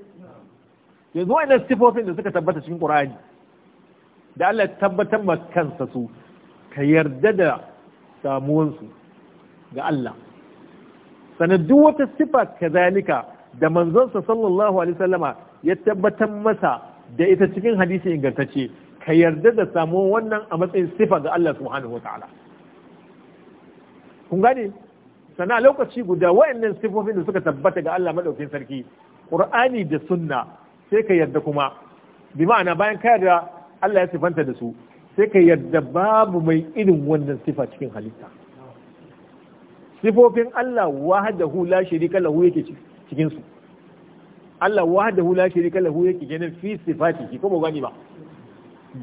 yanzu wa'annan sifofin da suka tabbata cikin qur'ani da Allah tabbatar ma kansa su ka yarda da samuwansu ga Allah sanadu wata sifa kazalika da manzonsa sallallahu alaihi wasallama ya tabbatar masa da ita cikin hadisi ingantacce ka yarda da samu wannan a matsayin sifa ga Allah subhanahu wa ta'ala kun gane sana lokaci guda wa'annan sifofin da suka tabbata ga Allah madaukakin sarki qur'ani da sunna sai ka yarda kuma bi ma'ana bayan ka yarda Allah ya sifanta da su sai ka yarda babu mai irin wannan sifa cikin halitta sifofin Allah wahdahu la sharika lahu yake cikin su Allah wahdahu la sharika lahu yake kenan fi sifatihi ko ba gani ba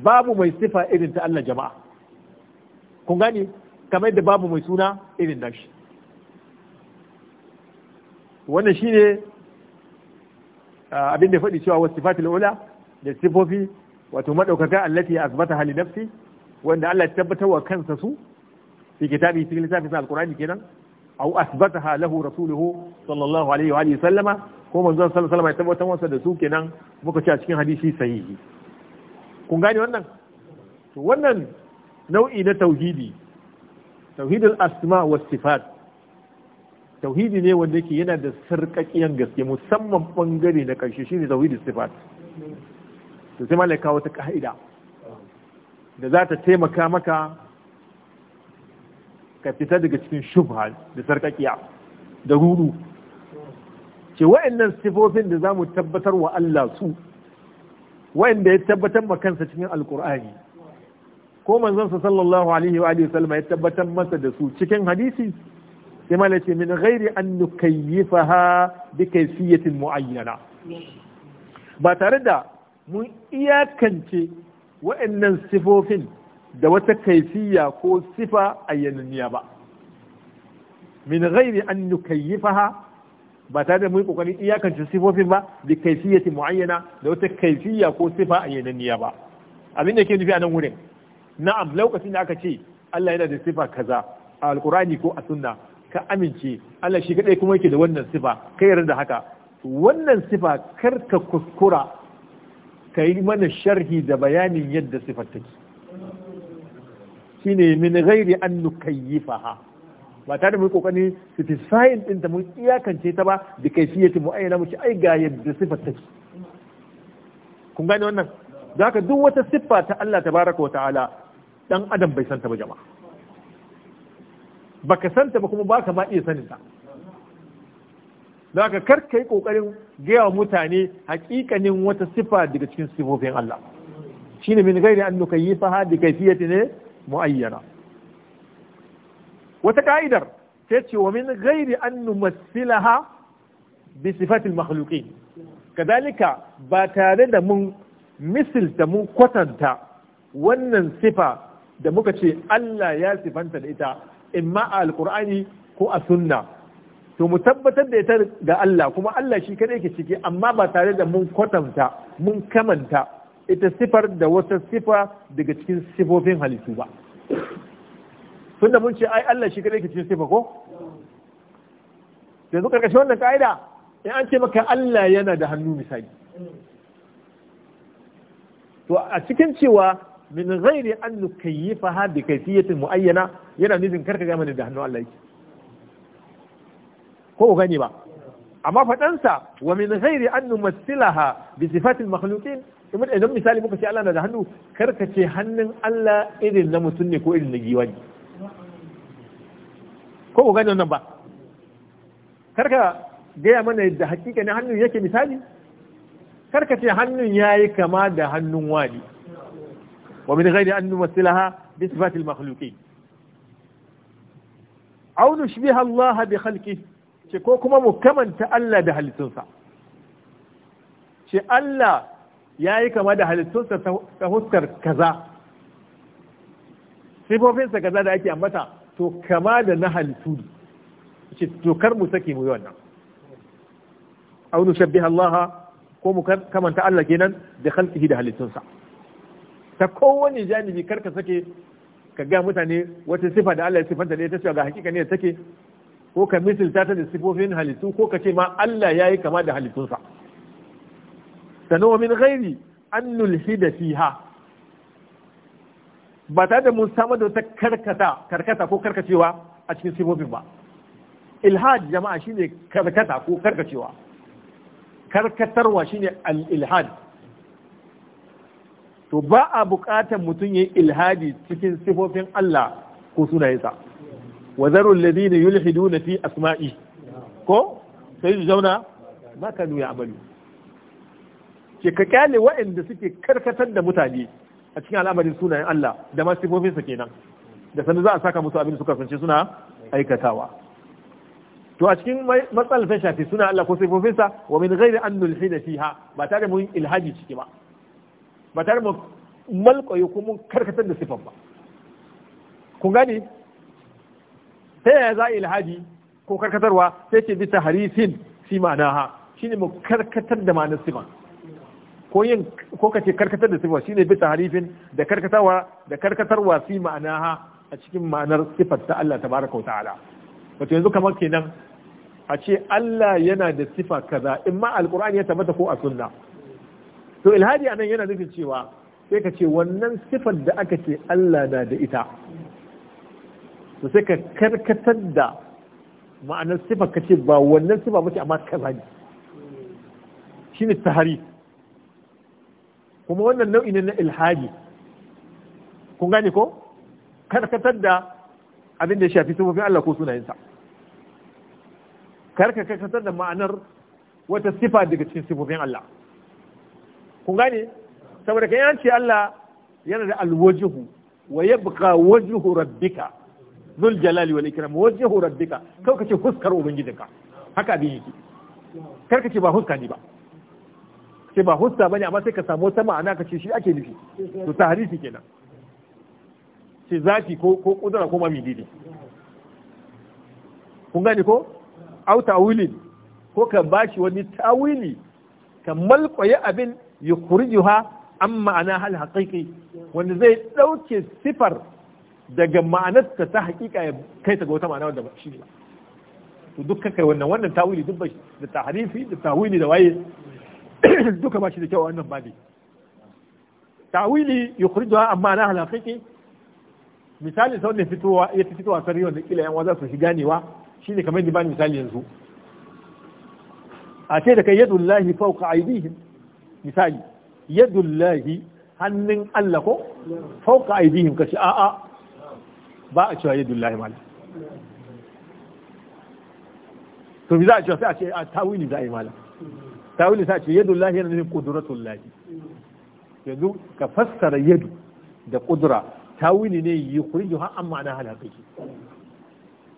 babu mai sifa irin ta Allah jama'a kun gane kamar da babu mai suna irin nashi wannan shine ah, abin da faɗi cewa wasu sifatul ula da sifofi wato madaukaka allati azbata hali nafsi wanda Allah ya tabbatar wa kansa su fi kitabi cikin littafi sa alqur'ani kenan aw asbataha lahu rasuluhu sallallahu alaihi wa alihi sallama ko manzon sallallahu alaihi wa sallam ya tabbatar masa da su kenan muka ce a cikin hadisi sahihi kun gane wannan to wannan nau'i na tauhidi tauhidul asma wa sifat tauhidi ne wanda yake yana da sarkakiyan gaske musamman bangare na karshe shine tauhidul sifat to sai malaka wata ka'ida da za ta taimaka maka ka fita daga cikin shubha da sarkakiya da ruru ce wa'annan sifofin da za mu tabbatar wa Allah su wanda ya tabbatar ma kansa cikin alkur'ani ko manzon sa sallallahu alaihi wa alihi ya tabbatar masa da su cikin hadisi sai mala ce min ghairi an nukayyifaha bi kayfiyatin muayyana ba tare da mun iyakance wa'annan sifofin da wata kaifiya ko sifa a ayyananniya ba min ghairi an nukayyifaha ba tare da mu yi kokarin iyakance sifofin ba bi kaifiyati muayyana da wata kaifiya ko sifa a ayyananniya ba abin da ke nufi a nan wurin na'am lokacin da aka ce Allah yana da sifa kaza a alkurani ko a sunna ka amince Allah shi kadai kuma yake da wannan sifa kai yarda da haka wannan sifa kar ka kuskura ka yi mana sharhi da bayanin yadda sifar take shine min ghairi an nukayyifaha ba tare mu kokari satisfying din da mun iyakance ta ba da kaifiyati mu ayyana mu ci ai ga yadda sifar take kun gane wannan zaka duk wata siffa ta Allah tabaraka wa ta'ala dan adam bai santa ba jama'a baka santa ba kuma baka ma iya sanin ta zaka kar ka yi kokarin gaya wa mutane hakikanin wata siffa daga cikin sifofin Allah shine min gairi an nukayyifaha bi kayfiyati ne muayyana wata ka'idar ta ce wa min gairi an ha bi sifatil makhluqin kadalika ba tare da mun misilta mun kwatanta wannan sifa da muka ce Allah ya sifanta da ita imma a alkur'ani ko a sunna to mu tabbatar da ita ga Allah kuma Allah shi kadai ke ciki amma ba tare da mun kwatanta mun kamanta ita sifar da wata sifa daga cikin sifofin halittu ba tunda mun ce ai Allah shi kadai ke cikin sifa ko yanzu karkashin wannan ka'ida in an ce maka Allah yana da hannu misali to a cikin cewa min ghairi an nukayyifa ha bi kayfiyatin muayyana yana nufin karka ga mana da hannu Allah yake ko ko gane ba amma faɗansa wa min ghairi an numassilaha bi sifatil makhluqin idan misali muka ce Allah na da hannu karka ce hannun Allah irin na mutum ne ko irin na giwa ne ko ku gane wannan ba karka gaya mana yadda hakika ne hannun yake misali karka ce hannun yayi kama da hannun wani wa min ghairi an numathilaha bi sifati al-makhluqin shi Allah bi khalqihi ce ko kuma mu kamanta Allah da halittunsa ce Allah ya yi kama da halittunsa ta huskar kaza sifofinsa kaza da ake ambata to kama da na halittu ce to kar mu sake mu yi wannan aw shabbi Allah ko mu kamanta Allah kenan da khalqihi da halittunsa ta kowane janibi karka ka sake ka ga mutane wata sifa da Allah ya sifanta ne ta cewa ga hakika ne take ko ka misilta ta da sifofin halittu ko ka ce ma Allah ya yi kama da halittunsa sanomin min ghairi fiha ba ta da mun samar da wata karkata karkata ko karkacewa a cikin sifofin ba ilhad jama'a shine karkata ko karkacewa karkatarwa shine al-ilhad to ba a buƙatar mutum yayi ilhadi cikin sifofin Allah ko sunayensa wa zaru alladhina yulhiduna fi asma'i ko sai su zauna ba kanu ya amalu ke ka kyale waɗanda suke karkatar da mutane a cikin al'amarin sunayen Allah da ma sifofinsa kenan da sanda za a saka musu abin suka kasance suna aikatawa to a cikin matsalar shafi suna Allah ko sifofinsa wa min ghairi an nulhida fiha ba tare mun ilhaji ciki ba ba tare mu malƙoyi ko mun karkatar da sifan ba kun gane ta yaya za a ilhaji ko karkatarwa sai ce bisa harifin fi ma'anaha shine mu karkatar da ma'anar sifan ko yin ko kace karkatar da sifa shine bisa harifin da karkatarwa da karkatarwa fi ma'anaha a cikin ma'anar sifar ta Allah tabaraka wa ta'ala wato yanzu kamar kenan a ce Allah yana da sifa kaza in ma alqur'ani ya tabbata ko a sunna to ilhadi anan yana nufin cewa sai ka ce wannan sifar da aka ce Allah na da ita to sai ka karkatar da ma'anar sifar ka ce ba wannan sifa bace amma kaza ne shine tahrif kuma wannan nau'i ne na ilhaji kun gane ko karkatar da abin da ya shafi sufofin Allah ko sunayensa karkatar da ma'anar wata sifa daga cikin sifofin Allah kun gane saboda kan yanci Allah yana da alwajihu wa yabqa wajhu rabbika zul jalali wal ikram wajhu rabbika kawai kace fuskar ubangijinka haka abin yake karkace ba huska ne ba ce ba husta bane amma sai ka samu wata ma'ana ka ce shi ake nufi to ta tahrisi kenan ce zaki ko ko kudura ko mamididi kun gane ko au ta'wilin ko ka bashi wani tawili ka malƙwaye abin ya ha an ma'ana hal haqiqi wanda zai ɗauke sifar daga ma'anarta ta haƙiƙa ya kai ta ga wata ma'ana wanda ba shi ne to duk kai wannan wannan tawili duk ba da harifi da tawili da waye [coughs] duka ba shi da kyau a wannan babi tawili yukhrijuha amma na ala misali sau ne fitowa ya fitowa sarri wanda kila yan waza su shi ganewa shine kamar yadda bani misali yanzu a ce da kai yadullahi fawqa aydihim misali yadullahi hannun Allah ko fawqa aydihim kashi a'a ba a cewa yadullahi malam to bi za a cewa sai a ce a tawili za a yi malam tawili sa ce yadu lahi yana nufin kudratul lahi yanzu ka fassara yadu da kudura tawili ne yi kuri yi ha'an ma'ana hal haqiqi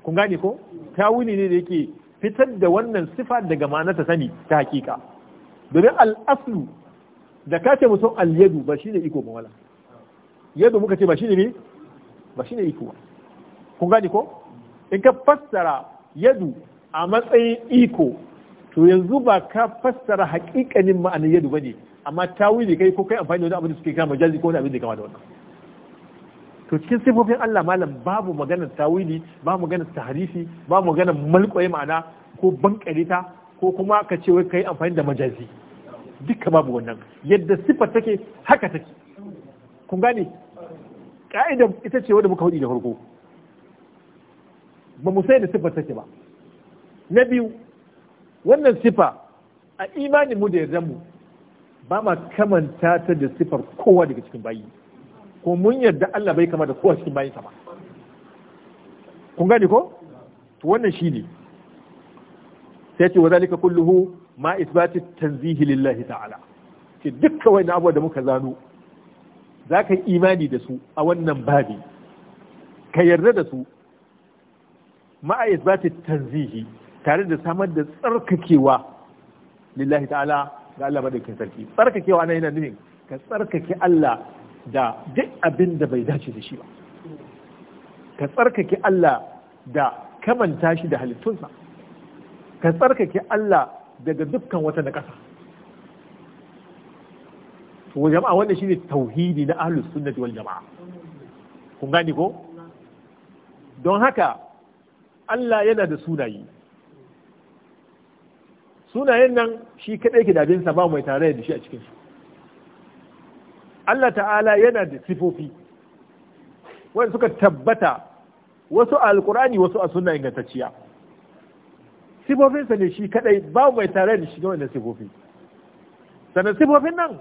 kun gane ko tawili ne da yake fitar da wannan sifa daga ma'anar ta sani ta hakika domin al'aflu da ka ce musu al-yadu ba shine iko ba wala yadu muka ce ba shine ne ba shine iko ba kun gane ko in ka fassara yadu a matsayin iko to yanzu ba ka fassara haƙiƙanin ma'anar yadu ne, amma tawili kai ko kai amfani da wani abin da suke kama majazi ko wani abin da kama da wannan to cikin sifofin Allah malam babu maganar tawili babu maganar tahrifi babu maganar malƙoyi ma'ana ko bankarita ko kuma ka ce wai kai amfani da majazi duka babu wannan yadda sifar take haka take kun gane ka'idar ita ce wadda muka hudu da farko ba mu sai da sifar take ba na biyu wannan sifa a imanin mu da ya mu ba ma kamanta ta da sifar kowa daga cikin bayi ko mun yarda Allah bai kama da kowa cikin bayi ba kun gane ko to wannan shine sai ce wa zalika kulluhu ma isbati tanzihi lillahi ta'ala ce dukkan wani abuwa da muka zano za ka yi imani da su a wannan babi ka yarda da su ma'a isbati tanzihi tare da samar da tsarkakewa lillahi ta'ala ga Allah madaukin sarki tsarkakewa na yana nufin ka tsarkake Allah da duk abin da bai dace da shi ba ka tsarkake Allah da kamanta shi da halittunsa ka tsarkake Allah daga dukkan wata na ƙasa to jama'a wanda shine tauhidi na ahlus sunnati wal jama'a kun gani ko don haka Allah yana da sunaye sunayen nan shi kadai ke dabinsa ba mai tare da shi a cikinsu Allah ta'ala yana da sifofi wanda suka tabbata wasu a alkurani wasu a suna ingantacciya sifofinsa ne shi kadai ba mai tare da shi da sifofi sannan sifofin nan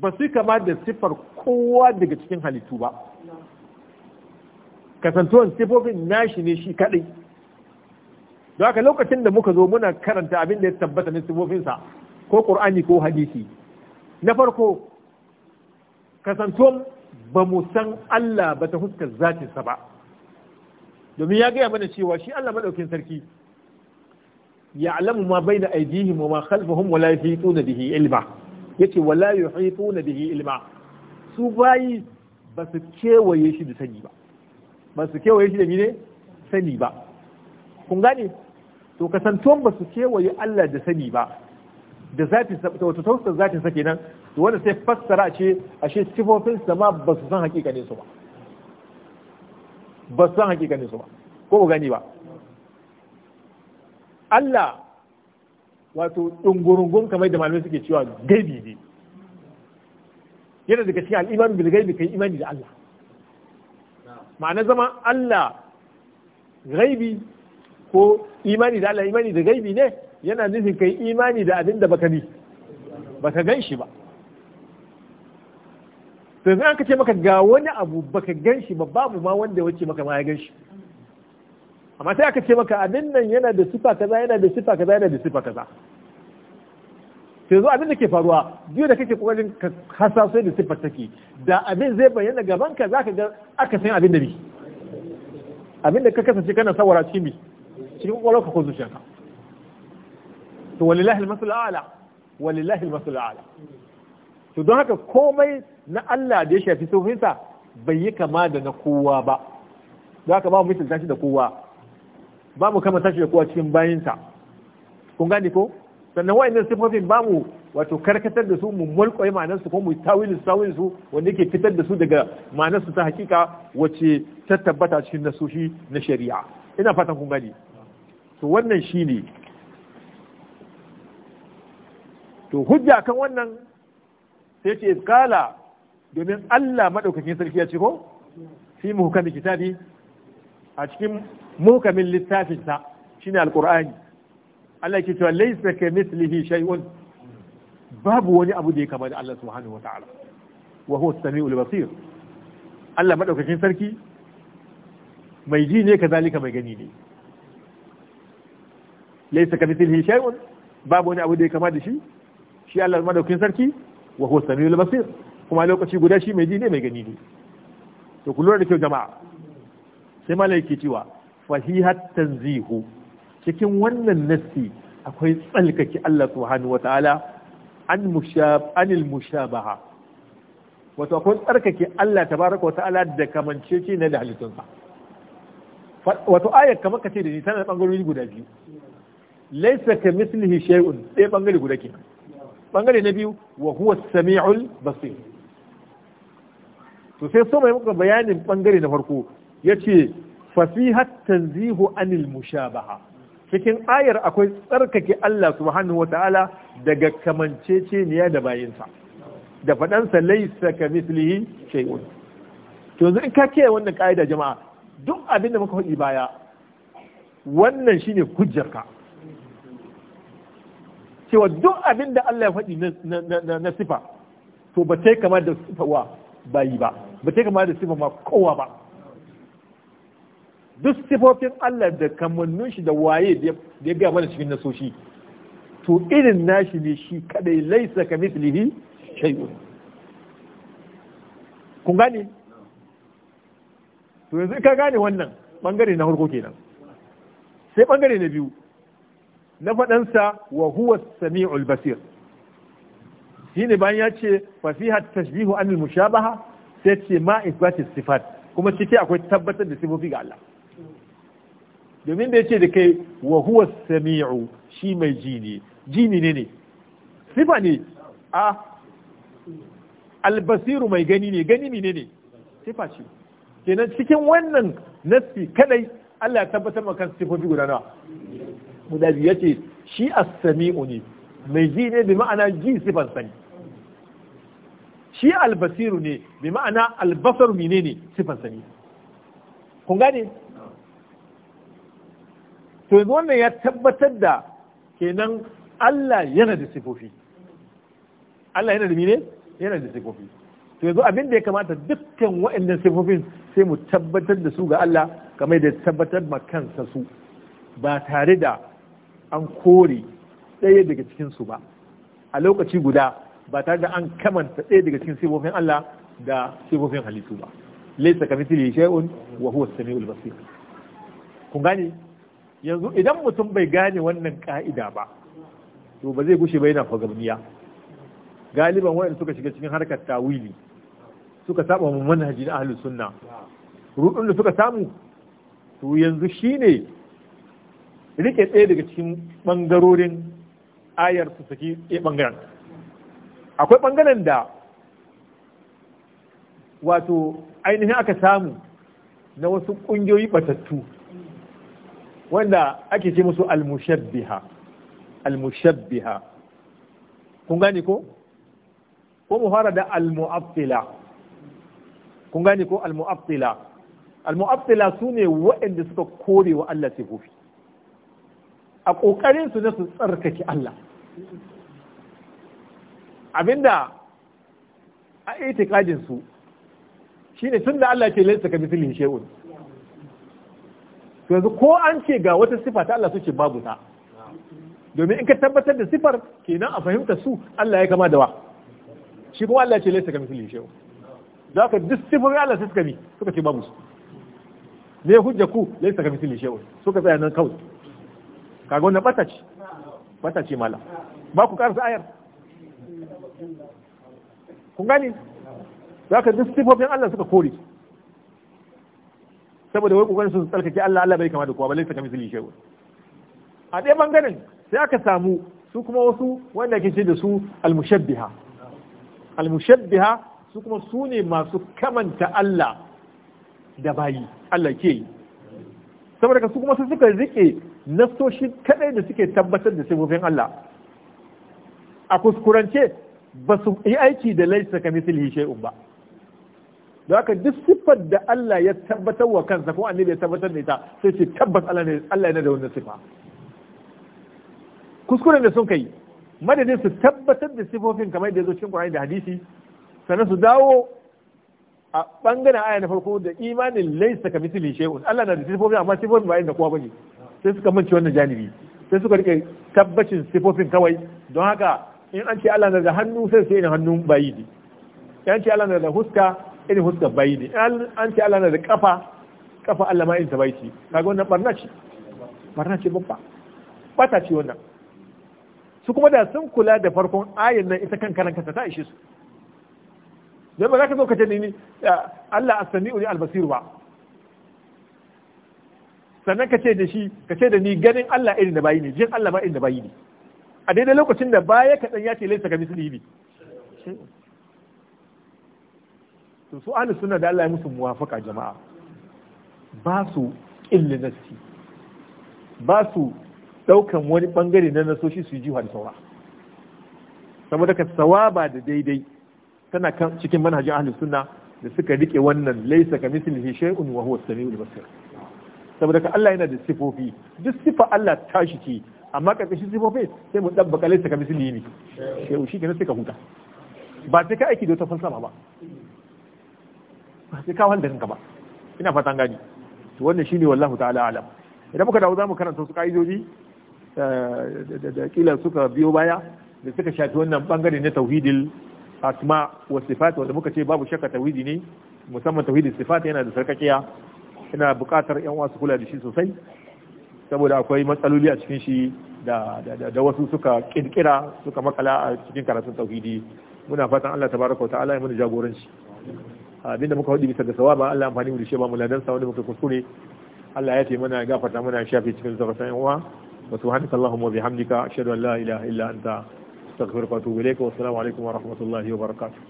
ba su kama da siffar kowa daga cikin halittu ba kasantuwan sifofin nashi ne shi kadai don haka lokacin da muka zo muna karanta abin da ya tabbata na sifofinsa ko ƙur'ani ko hadisi na farko kasantuwan ba mu san Allah ba ta huskar zatinsa ba domin ya gaya mana cewa shi Allah maɗaukin sarki ya alamu ma bai da wa ma khalfahum wa la yuhituna bihi ilma yace wa la yuhituna bihi ilma su bayi ba su kewaye shi da sani ba ba su kewaye shi da ne sani ba kun gane to kasantuwan ba su kewaye Allah da sani ba da zafi, sa wata tausar zatin sa kenan to wanda sai fassara ce ashe sifofin sa ma ba su san hakikanin su ba ba su san hakikanin su ba ko ku gani ba Allah wato dungurungun kamar da malamai suke cewa gaibi ne yana daga cikin al'imanu bil gaibi kai imani da Allah ma'ana zama Allah gaibi ko imani da Allah imani da gaibi ne yana nufin kai imani da abin da baka bi baka gan shi ba to yanzu an ka ce maka ga wani abu baka gan shi ba babu ma wanda wace maka ma ya gan shi amma sai aka ce maka abin nan yana da sifa kaza yana da sifa kaza yana da sifa kaza sai zo abin da ke faruwa biyu da kake kokarin ka hasaso da siffar take da abin zai bayyana gaban ka zaka ga aka san abin da bi abin da ka kasance kana sawara cikin bi cikin kwakwalwarka ko zuciyarka to walillahi al-masul a'la walillahi al-masul a'la to don haka komai na Allah da ya shafi sofinsa bai yi kama da na kowa ba don haka ba mu misalta shi da kowa ba mu kama tashi da kowa cikin bayinsa kun gane ko sannan wa'annan sifofin ba mu wato karkatar da su mu mulkwai ma'anar su ko mu su tawili su wanda yake fitar da su daga ma'anar su ta hakika wacce ta tabbata cikin nasoshi na shari'a ina fatan kun gane to wannan shi ne to hujja kan wannan sai ce iskala domin Allah maɗaukakin sarki ya ce ko fi muhkamin kitabi a cikin muhkamin littafinsa shine Alƙur'ani. Allah ke cewa laysa ka mislihi shay'un babu wani abu da ya kama da Allah subhanahu wa ta'ala wa huwa as-sami'ul basir Allah maɗaukakin sarki mai ji ne kazalika mai gani ne laysa kamithlihi shay'un babu wani abu da ya kama da shi shi Allah madaukin sarki wa huwa samiul basir kuma lokaci guda shi mai ji ne mai gani ne to ku lura da kyau jama'a sai malai ke cewa fahihat tanzihu cikin wannan nassi akwai tsalkake Allah subhanahu wataala an mushab anil mushabaha wato akwai tsarkake Allah tabaraka wataala da kamanceci na da halittunsa wato ayar kamar kace da ni tana da bangarori guda biyu laisa ka mislihi shay'un ɗaya bangare guda kenan bangare na biyu wa huwa sami'ul basir to sai so mai muka bayanin bangare na farko yace fasihat tanzihu anil mushabaha cikin ayar akwai tsarkake Allah subhanahu wata'ala daga kamanceceniya da bayinsa da faɗansa laisa ka mislihi shay'un to yanzu in ka kiyaye wannan ka'ida jama'a duk abin da muka faɗi baya wannan shine hujjarka cewa duk abin da Allah ya faɗi na sifa to ba ta yi kama da sifa wa bayi ba ba ta yi kama da sifa ma kowa ba duk sifofin Allah da kamannin shi da waye da ya gaya mana cikin nasoshi to irin nashi ne shi kadai laisa ka mislihi shay'un kun gane to yanzu ka gane wannan bangare na farko kenan sai bangare na biyu na faɗansa wa huwa sami'ul basir shine bayan ya ce fasiha tashbihu anil mushabaha sai ce ma isbat sifat kuma ciki akwai tabbatar da sifofi ga Allah domin da yace da kai wa huwa sami'u shi mai ji ne ji ne ne sifa ne a albasiru mai gani ne gani ne ne sifa ce kenan cikin wannan nassi kadai Allah ya tabbatar maka sifofi guda nawa guda biyu yace shi as-sami'u ne mai ji ne bi ma'ana ji sifan sani shi albasiru ne bi ma'ana albasar mine ne sifan sani kun gane to yanzu wannan ya tabbatar da kenan Allah yana da sifofi Allah yana da mine yana da sifofi to yanzu abin da ya kamata dukkan waɗannan sifofin sai mu tabbatar da su ga Allah kamar da tabbatar ma kansa su ba tare da an kore ɗaya daga cikinsu ba a lokaci guda ba tare da an kamanta ɗaya daga cikin sifofin Allah da sifofin halittu ba laysa kamithlihi shay'un wa huwa as-sami'ul basir kun gane yanzu idan mutum bai gane wannan ka'ida ba to ba zai gushe ba yana fagabniya galiban waɗanda suka shiga cikin harkar tawili suka saba mu manhaji na ahlus sunna rudun da suka samu to yanzu shine rike tsaye daga cikin ɓangarorin ayar su saki tsaye ɓangaren akwai ɓangaren da wato ainihin aka samu na wasu ƙungiyoyi batattu wanda ake ce musu almushabbiha almushabbiha kun gane ko ko mu fara da almu'abtila kun gane ko almu'abtila almu'abtila su ne waɗanda suka kore wa Allah sifofi a ƙoƙarin su na su tsarkake Allah abinda a itikadin shi ne tun da Allah ce laisa ka mithlihi shay'un to yanzu ko an ce ga wata sifa ta Allah su ce babu ta domin in ka tabbatar da sifar kenan a fahimta su Allah ya kama da wa shi kuma Allah ce laisa ka mithlihi shay'un za ka duk sifofin Allah suka mi suka ce babu su ne hujja ku laisa ka mithlihi shay'un suka tsaya nan kawai kaga wannan batace ce ce mala ba ku karasa ayar kun gani za ka duk sifofin Allah suka kore saboda wai kokarin sun tsarkake Allah Allah bai kama da kowa ba laifin kamar zili shewa a ɗaya bangaren sai aka samu su kuma wasu wanda ke ce da su almushabbiha almushabbiha su kuma su ne masu kamanta Allah da bayi Allah ke yi saboda ka su kuma su suka rike nasoshi kadai da suke tabbatar da sifofin Allah a kuskurance ba su yi aiki da laisa ka mislihi shay'un ba don haka duk sifar da Allah ya tabbatar wa kansa ko annabi ya tabbatar da ita sai ce tabbas Allah ne Allah yana da wannan sifa kuskuren da sun kai madadin su tabbatar da sifofin kamar da ya zo cikin Qur'ani da hadisi sannan su dawo a bangaren aya na farko da imanin laisa ka mislihi shay'un Allah na da sifofin amma sifofin ba inda kowa bane sai suka mance wannan janibi sai suka rike tabbacin sifofin kawai don haka in an ce Allah da hannu sai sai irin hannun bayi ne in an ce Allah da huska irin huskar bayi ne in an ce Allah da kafa kafa Allah ma irin ta bayi ce kaga wannan barna ce barna ce babba bata ce wannan su kuma da sun kula da farkon ayin nan ita kan karanta ta ishe su don ba za ka zo ka ce ni Allah as-sami'u ni al ba sannan ka ce da shi ka ce da ni ganin Allah irin da bayi ne jin Allah ma irin da bayi ne a daidai lokacin da baya ka dan ya ce laisa ka misli bi to su ahli sunna da Allah ya musu muwafaqa jama'a ba su illi nasi ba su daukan wani bangare na nasoshi su ji da saura saboda ka sawaba da daidai tana cikin manhajin ahli sunna da suka rike wannan laisa ka mislihi shay'un wa huwa as-sami'ul basir saboda ka Allah yana da sifofi duk sifa Allah shi ce amma karkashin sifofi sai mu dan bakalai ta kamisili ne shehu shi kana sai ka huta ba sai ka aiki da ta falsafa ba ba sai ka wanda kanka ba ina fatan gani to wannan shine wallahi ta'ala alam idan muka dawo zamu karanta su ka'idoji eh, da kila suka biyo baya da suka shafi wannan bangare na tauhidil asma wa sifat wanda muka ce babu shakka tauhidi ne musamman tauhidin sifat yana da sarkakiya ina bukatar yan wasu kula da shi sosai saboda akwai matsaloli a cikin shi da wasu suka kirkira suka makala a cikin karatun tauhidi muna fatan Allah tabaraka wa ta'ala ya mana jagoranci abinda muka hudu bisa da sawaba Allah amfani mu da shi ba mu ladan sa wanda muka kuskure Allah ya taimaka mana gafarta mana shafi cikin zakatan yan uwa wa subhanaka allahumma bihamdika ashhadu an la ilaha illa anta astaghfiruka wa atubu ilayk wa assalamu alaikum wa rahmatullahi wa barakatuh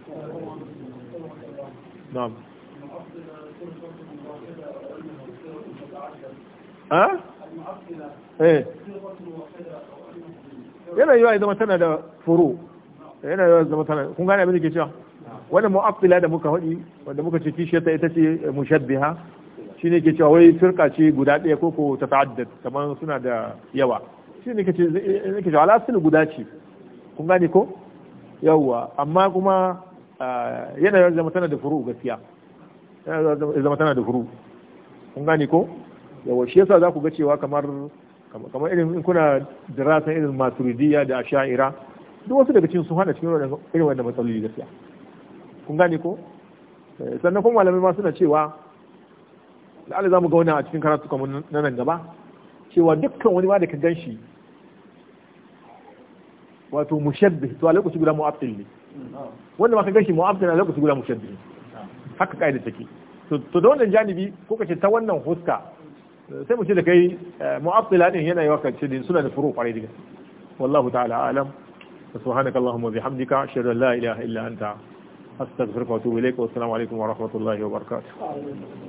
a? eh yana yiwa ya zama tana da furu yana yiwa zama tana kun gane abin da ke cewa wannan mu'affila da muka haɗi wanda muka ce kishiyar ta ita ce mushabbiha ne ke cewa wai firka ce guda ɗaya ko ko ta ta'addad kamar suna da yawa shi ke ce ke cewa alasul guda ce kun gane ko yawa amma kuma yana yiwa zama tana da furu gaskiya yana zama tana da furu kun gane ko yawa shi yasa za ku ga cewa kamar kamar irin in kuna dirasan irin maturidiyya da asha'ira duk wasu daga cikin sun hana cikin irin wanda matsaloli gaskiya kun gane ko eh, sannan kuma malamai ma suna cewa la'ala za mu ga wani a cikin karatu kamar na nan gaba cewa dukkan wani ma da ka ganshi wato mushabbih to a lokaci guda mu'abdil ne wanda ma ka ganshi mu'abdil a lokaci guda mushabbih haka kaida take to da wannan janibi ko kace ta wannan huska sai mu ce da kai eh, mu'attila din yana yawa kace din suna da furu kwarai diga wallahu ta'ala alam subhanaka allahumma bihamdika ashhadu an la ilaha illa anta astaghfiruka wa atubu ilaik wa assalamu alaikum wa rahmatullahi wa barakatuh